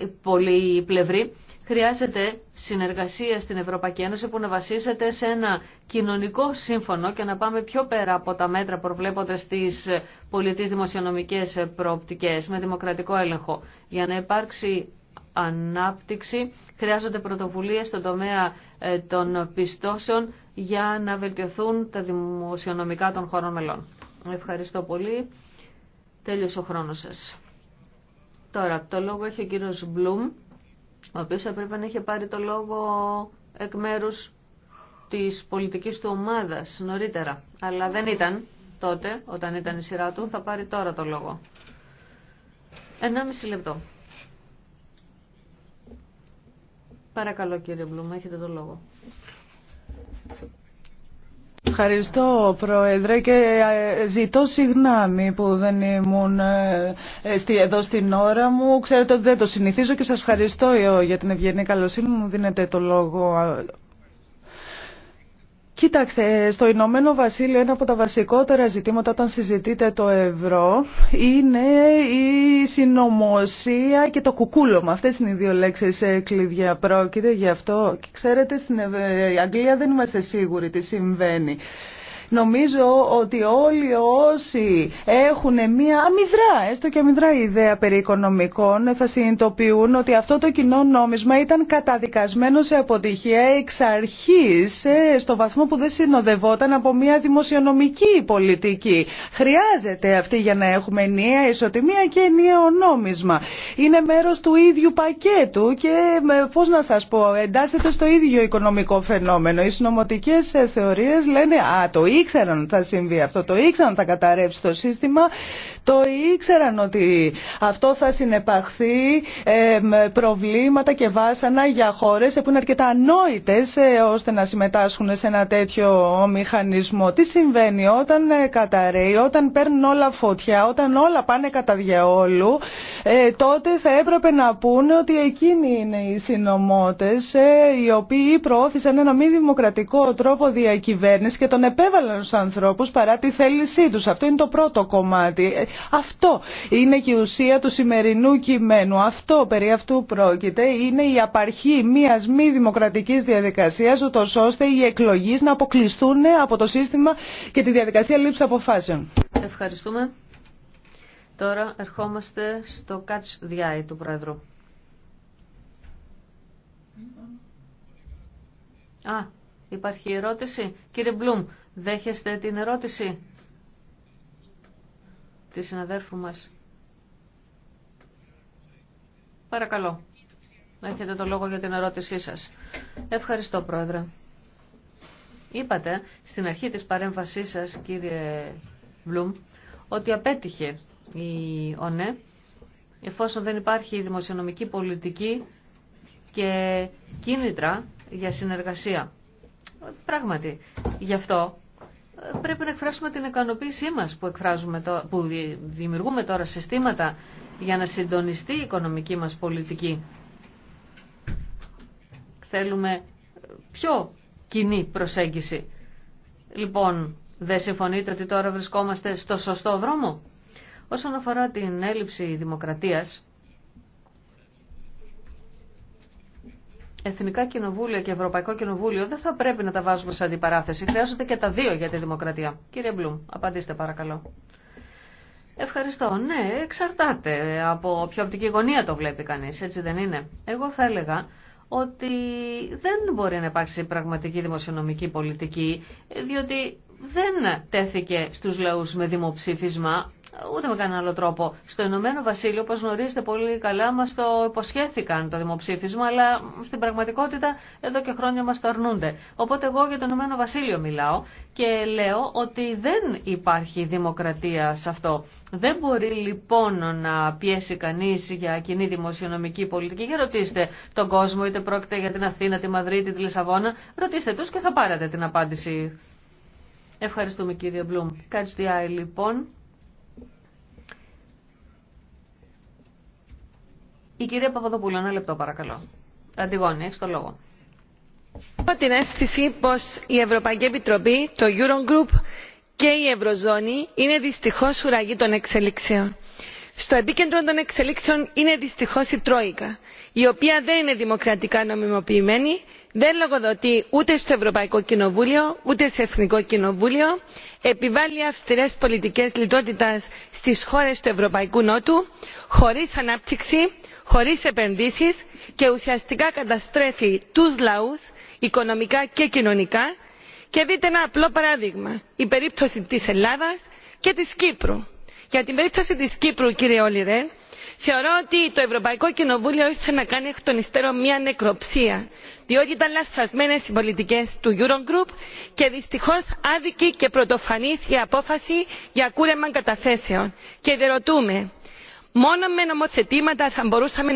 ε, πολύ πλευρή, χρειάζεται συνεργασία στην Ευρωπαϊκή Ένωση που να βασίζεται σε ένα κοινωνικό σύμφωνο και να πάμε πιο πέρα από τα μέτρα προβλέπονται στις πολιτικές δημοσιονομικές προοπτικές με δημοκρατικό έλεγχο για να υπάρξει ανάπτυξη χρειάζονται πρωτοβουλίες στον τομέα ε, των πιστώσεων για να βελτιωθούν τα δημοσιονομικά των χωρών μελών. Ευχαριστώ πολύ. Τέλειωσε ο χρόνος σας. Τώρα, το λόγο έχει ο κύριος Μπλουμ, ο οποίος έπρεπε να είχε πάρει το λόγο εκ μέρους της πολιτικής του ομάδας νωρίτερα. Αλλά δεν ήταν τότε, όταν ήταν η σειρά του, θα πάρει τώρα το λόγο. 1,5 λεπτό. Παρακαλώ κύριε Μπλουμ, έχετε το λόγο. Ευχαριστώ Πρόεδρε και ε, ζητώ συγγνώμη που δεν ήμουν ε, εδώ στην ώρα μου. Ξέρετε ότι δεν το συνηθίζω και σας ευχαριστώ ε, για την ευγενή καλοσύνη μου. Δίνετε το λόγο Κοίταξτε, ε, στο Ηνωμένο Βασίλειο ένα από τα βασικότερα ζητήματα όταν συζητείτε το ευρώ είναι η συνωμοσία και το κουκούλωμα. Αυτές είναι οι δύο λέξεις ε, κλειδιά πρόκειται γι' αυτό. Και ξέρετε, στην ε, Αγγλία δεν είμαστε σίγουροι τι συμβαίνει. Νομίζω ότι όλοι όσοι έχουν μία αμυδρά, έστω και αμυδρά ιδέα περί οικονομικών, θα συνειδητοποιούν ότι αυτό το κοινό νόμισμα ήταν καταδικασμένο σε αποτυχία εξ αρχή ε, στο βαθμό που δεν συνοδευόταν από μία δημοσιονομική πολιτική. Χρειάζεται αυτή για να έχουμε ενιαία ισοτιμία και ενιαίο νόμισμα. Είναι μέρο του ίδιου πακέτου και ε, πώ να σα πω, εντάσσεται στο ίδιο οικονομικό φαινόμενο. Οι ε, θεωρίε λένε «Α, ήξεραν ότι θα συμβεί αυτό, το ήξεραν ότι θα καταρρεύσει το σύστημα το ήξεραν ότι αυτό θα συνεπαχθεί προβλήματα και βάσανα για χώρες που είναι αρκετά ανόητες ε, ώστε να συμμετάσχουν σε ένα τέτοιο μηχανισμό. Τι συμβαίνει όταν ε, καταραίει, όταν παίρνουν όλα φωτιά, όταν όλα πάνε κατά διαόλου, ε, τότε θα έπρεπε να πούνε ότι εκείνοι είναι οι συνομότες οι οποίοι προώθησαν ένα μη δημοκρατικό τρόπο διακυβέρνηση και τον επέβαλαν στους ανθρώπους παρά τη θέλησή τους. Αυτό είναι το πρώτο κομμάτι. Αυτό είναι και η ουσία του σημερινού κειμένου. Αυτό περί αυτού πρόκειται. Είναι η απαρχή μια μη δημοκρατική διαδικασία, ούτω ώστε οι εκλογεί να αποκλειστούν από το σύστημα και τη διαδικασία λήψη αποφάσεων. Ευχαριστούμε. Τώρα ερχόμαστε στο Catch the του Πρόεδρου. Α, υπάρχει ερώτηση. Κύριε Μπλουμ, δέχεστε την ερώτηση της συναδέρφου μας. Παρακαλώ. Έχετε το λόγο για την ερώτησή σας. Ευχαριστώ, Πρόεδρε. Είπατε στην αρχή της παρέμβασής σας, κύριε Βλουμ, ότι απέτυχε η ΟΝΕ εφόσον δεν υπάρχει δημοσιονομική πολιτική και κίνητρα για συνεργασία. Πράγματι, γι' αυτό πρέπει να εκφράσουμε την ικανοποίησή μας που, εκφράζουμε που δημιουργούμε τώρα συστήματα για να συντονιστεί η οικονομική μας πολιτική. Θέλουμε πιο κοινή προσέγγιση. Λοιπόν, δεν συμφωνείτε ότι τώρα βρισκόμαστε στο σωστό δρόμο. Όσον αφορά την έλλειψη δημοκρατίας, Εθνικά Κοινοβούλια και Ευρωπαϊκό Κοινοβούλιο δεν θα πρέπει να τα βάζουμε σε αντιπαράθεση. Χρειάζονται και τα δύο για τη δημοκρατία. Κύριε Μπλουμ, απαντήστε παρακαλώ. Ευχαριστώ. Ναι, εξαρτάται από ποια οπτική γωνία το βλέπει κανεί, έτσι δεν είναι. Εγώ θα έλεγα ότι δεν μπορεί να υπάρξει πραγματική δημοσιονομική πολιτική, διότι δεν τέθηκε στους λαούς με δημοψήφισμα, ούτε με κανένα άλλο τρόπο. Στο Ηνωμένο Βασίλειο, όπως γνωρίζετε πολύ καλά, μα το υποσχέθηκαν το δημοψήφισμα, αλλά στην πραγματικότητα εδώ και χρόνια μα το αρνούνται. Οπότε εγώ για το Ηνωμένο Βασίλειο μιλάω και λέω ότι δεν υπάρχει δημοκρατία σε αυτό. Δεν μπορεί λοιπόν να πιέσει κανεί για κοινή δημοσιονομική πολιτική. Για ρωτήστε τον κόσμο, είτε πρόκειται για την Αθήνα, τη Μαδρίτη, τη Λισαβόνα, ρωτήστε του και θα πάρετε την απάντηση. Ευχαριστούμε κύριε Μπλουμ. Κάτσε λοιπόν. Η κυρία Παπαδοπούλου, ένα λεπτό παρακαλώ. Αντιγόνη, έχει το λόγο. Έχω την αίσθηση πω η Ευρωπαϊκή Επιτροπή, το Eurogroup και η Ευρωζώνη είναι δυστυχώ ουραγή των εξελίξεων. Στο επίκεντρο των εξελίξεων είναι δυστυχώ η Τρόικα, η οποία δεν είναι δημοκρατικά νομιμοποιημένη, δεν λογοδοτεί ούτε στο Ευρωπαϊκό Κοινοβούλιο, ούτε σε Εθνικό Κοινοβούλιο, επιβάλλει αυστηρέ πολιτικέ λιτότητα στι χώρε του Ευρωπαϊκού Νότου, χωρί ανάπτυξη, χωρίς επενδύσεις και ουσιαστικά καταστρέφει τους λαούς οικονομικά και κοινωνικά και δείτε ένα απλό παράδειγμα η περίπτωση της ελλάδας και της κύπρου. για την περίπτωση της κύπρου κύριε olli θεωρώ ότι το ευρωπαϊκό κοινοβούλιο ήρθε να κάνει εκ των υστέρων μια νεκροψία διότι ήταν λανθασμένες οι πολιτικές του eurogroup και δυστυχώς άδικη και πρωτοφανής η απόφαση για κούρεμα καταθέσεων. και διερωτούμε μόνο με νομοθετήματα θα μπορούσαμε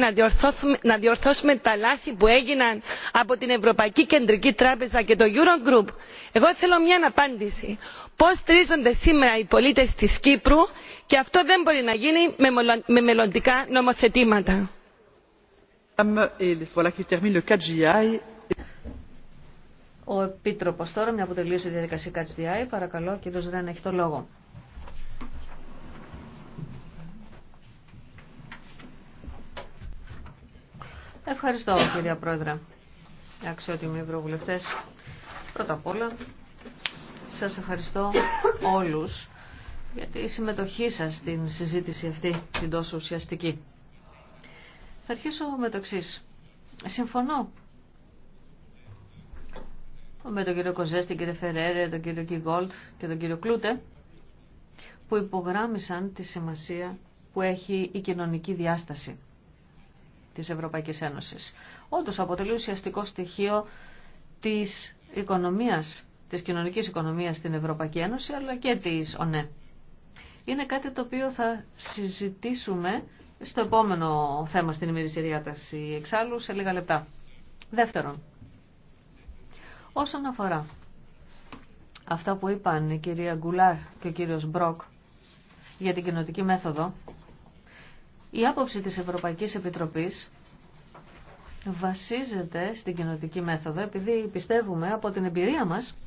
να, διορθώσουμε τα λάθη που έγιναν από την ευρωπαϊκή κεντρική τράπεζα και το eurogroup. εγώ θέλω μια απάντηση πώ στηρίζονται σήμερα οι πολίτε τη κύπρου και αυτό δεν μπορεί να γίνει με μελλοντικά νομοθετήματα. Ευχαριστώ κυρία Πρόεδρε. Αξιότιμοι ευρωβουλευτέ. πρώτα απ' όλα σας ευχαριστώ όλους για τη συμμετοχή σα στην συζήτηση αυτή, την τόσο ουσιαστική. Θα αρχίσω με το εξή. Συμφωνώ με τον κύριο Κοζές, τον κύριο Φεραίρε, τον κύριο Κιγόλτ και τον κύριο Κλούτε που υπογράμμισαν τη σημασία που έχει η κοινωνική διάσταση της Ευρωπαϊκής Ένωσης. Όντως αποτελεί ουσιαστικό στοιχείο της οικονομίας, της κοινωνικής οικονομίας στην Ευρωπαϊκή Ένωση, αλλά και της ΟΝΕ. Είναι κάτι το οποίο θα συζητήσουμε στο επόμενο θέμα στην ημερήσια διάταση εξάλλου σε λίγα λεπτά. Δεύτερον, όσον αφορά αυτά που είπαν η κυρία Γκουλάρ και ο κύριος Μπροκ για την κοινωτική μέθοδο, η άποψη της Ευρωπαϊκής Επιτροπής βασίζεται στην κοινοτική μέθοδο επειδή πιστεύουμε από την εμπειρία μας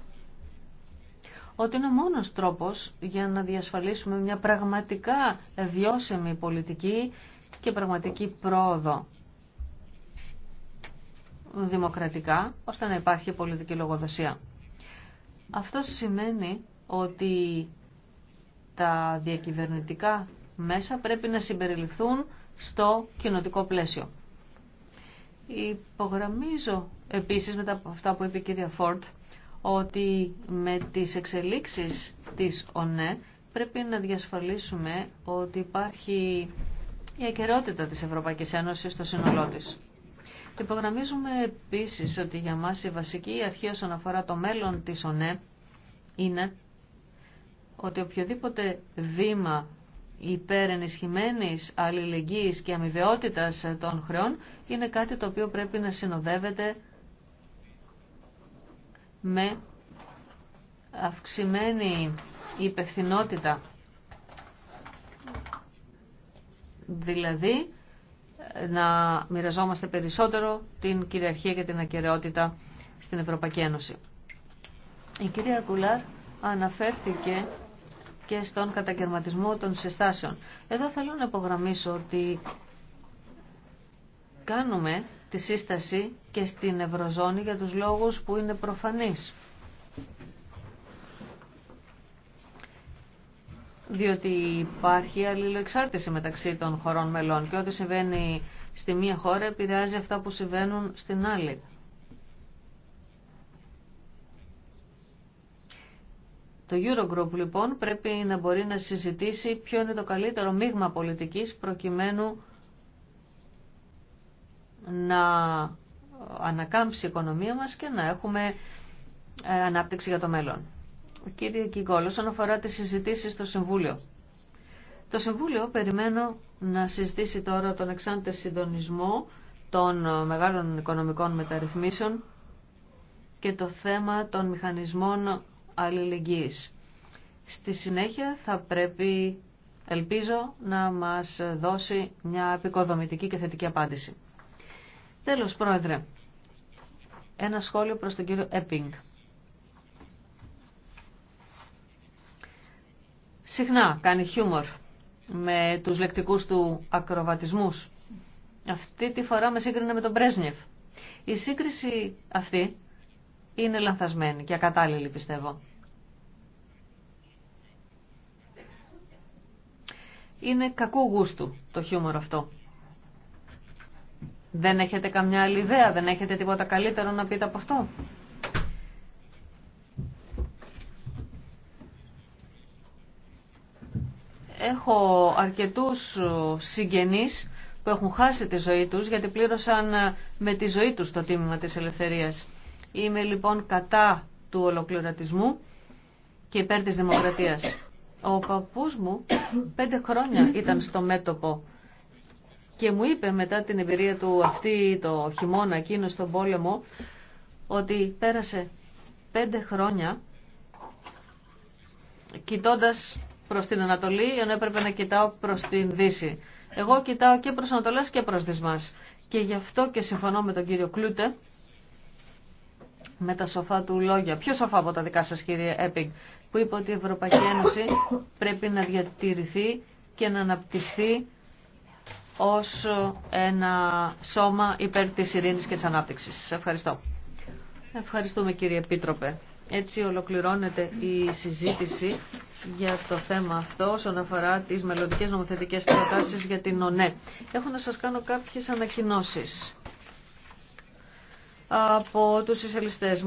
ότι είναι ο μόνος τρόπος για να διασφαλίσουμε μια πραγματικά βιώσιμη πολιτική και πραγματική πρόοδο δημοκρατικά, ώστε να υπάρχει πολιτική λογοδοσία. Αυτό σημαίνει ότι τα διακυβερνητικά μέσα πρέπει να συμπεριληφθούν στο κοινοτικό πλαίσιο. Υπογραμμίζω επίσης μετά από αυτά που είπε η κυρία Φόρτ ότι με τις εξελίξεις της ΟΝΕ πρέπει να διασφαλίσουμε ότι υπάρχει η αικαιρότητα της Ευρωπαϊκής Ένωσης στο σύνολό τη. Υπογραμμίζουμε επίσης ότι για μας η βασική αρχή όσον αφορά το μέλλον της ΟΝΕ είναι ότι οποιοδήποτε βήμα υπερενισχυμένης αλληλεγγύη και αμοιβαιότητα των χρεών είναι κάτι το οποίο πρέπει να συνοδεύεται με αυξημένη υπευθυνότητα. Δηλαδή να μοιραζόμαστε περισσότερο την κυριαρχία και την ακαιρεότητα στην Ευρωπαϊκή Ένωση. Η κυρία Κουλάρ αναφέρθηκε και στον κατακαιρματισμό των συστάσεων. Εδώ θέλω να υπογραμμίσω ότι κάνουμε τη σύσταση και στην Ευρωζώνη για τους λόγους που είναι προφανείς. διότι υπάρχει αλληλοεξάρτηση μεταξύ των χωρών μελών και ό,τι συμβαίνει στη μία χώρα επηρεάζει αυτά που συμβαίνουν στην άλλη. Το Eurogroup λοιπόν πρέπει να μπορεί να συζητήσει ποιο είναι το καλύτερο μείγμα πολιτικής προκειμένου να ανακάμψει η οικονομία μας και να έχουμε ε, ανάπτυξη για το μέλλον. Κύριε Κιγκόλ, όσον αφορά τις συζητήσεις στο Συμβούλιο. Το Συμβούλιο περιμένω να συζητήσει τώρα τον εξάντε συντονισμό των μεγάλων οικονομικών μεταρρυθμίσεων και το θέμα των μηχανισμών αλληλεγγύης. Στη συνέχεια θα πρέπει, ελπίζω, να μας δώσει μια επικοδομητική και θετική απάντηση. Τέλος, Πρόεδρε, ένα σχόλιο προς τον κύριο Έπινγκ. Συχνά κάνει χιούμορ με τους λεκτικούς του ακροβατισμούς. Αυτή τη φορά με σύγκρινε με τον Μπρέσνιεφ. Η σύγκριση αυτή είναι λανθασμένη και ακατάλληλη πιστεύω. Είναι κακού γούστου το χιούμορ αυτό. Δεν έχετε καμιά άλλη ιδέα, δεν έχετε τίποτα καλύτερο να πείτε από αυτό. Έχω αρκετούς συγγενείς που έχουν χάσει τη ζωή τους γιατί πλήρωσαν με τη ζωή τους το τίμημα της ελευθερίας. Είμαι λοιπόν κατά του ολοκληρωτισμού και υπέρ της δημοκρατίας. Ο παππούς μου πέντε χρόνια ήταν στο μέτωπο και μου είπε μετά την εμπειρία του αυτή το χειμώνα εκείνο στον πόλεμο ότι πέρασε πέντε χρόνια κοιτώντας προς την Ανατολή ενώ έπρεπε να κοιτάω προς την Δύση. Εγώ κοιτάω και προς Ανατολές και προς Δυσμάς. Και γι' αυτό και συμφωνώ με τον κύριο Κλούτε με τα σοφά του λόγια, πιο σοφά από τα δικά σας κύριε Έπιγκ, που είπε ότι η Ευρωπαϊκή Ένωση πρέπει να διατηρηθεί και να αναπτυχθεί ως ένα σώμα υπέρ της ειρήνης και της ανάπτυξης. Ευχαριστώ. Ευχαριστούμε κύριε Επίτροπε. Έτσι ολοκληρώνεται η συζήτηση για το θέμα αυτό όσον αφορά τις μελλοντικές νομοθετικές προτάσεις για την ΟΝΕ. Έχω να σας κάνω κάποιες ανακοινώσεις από τους εισελιστές μου.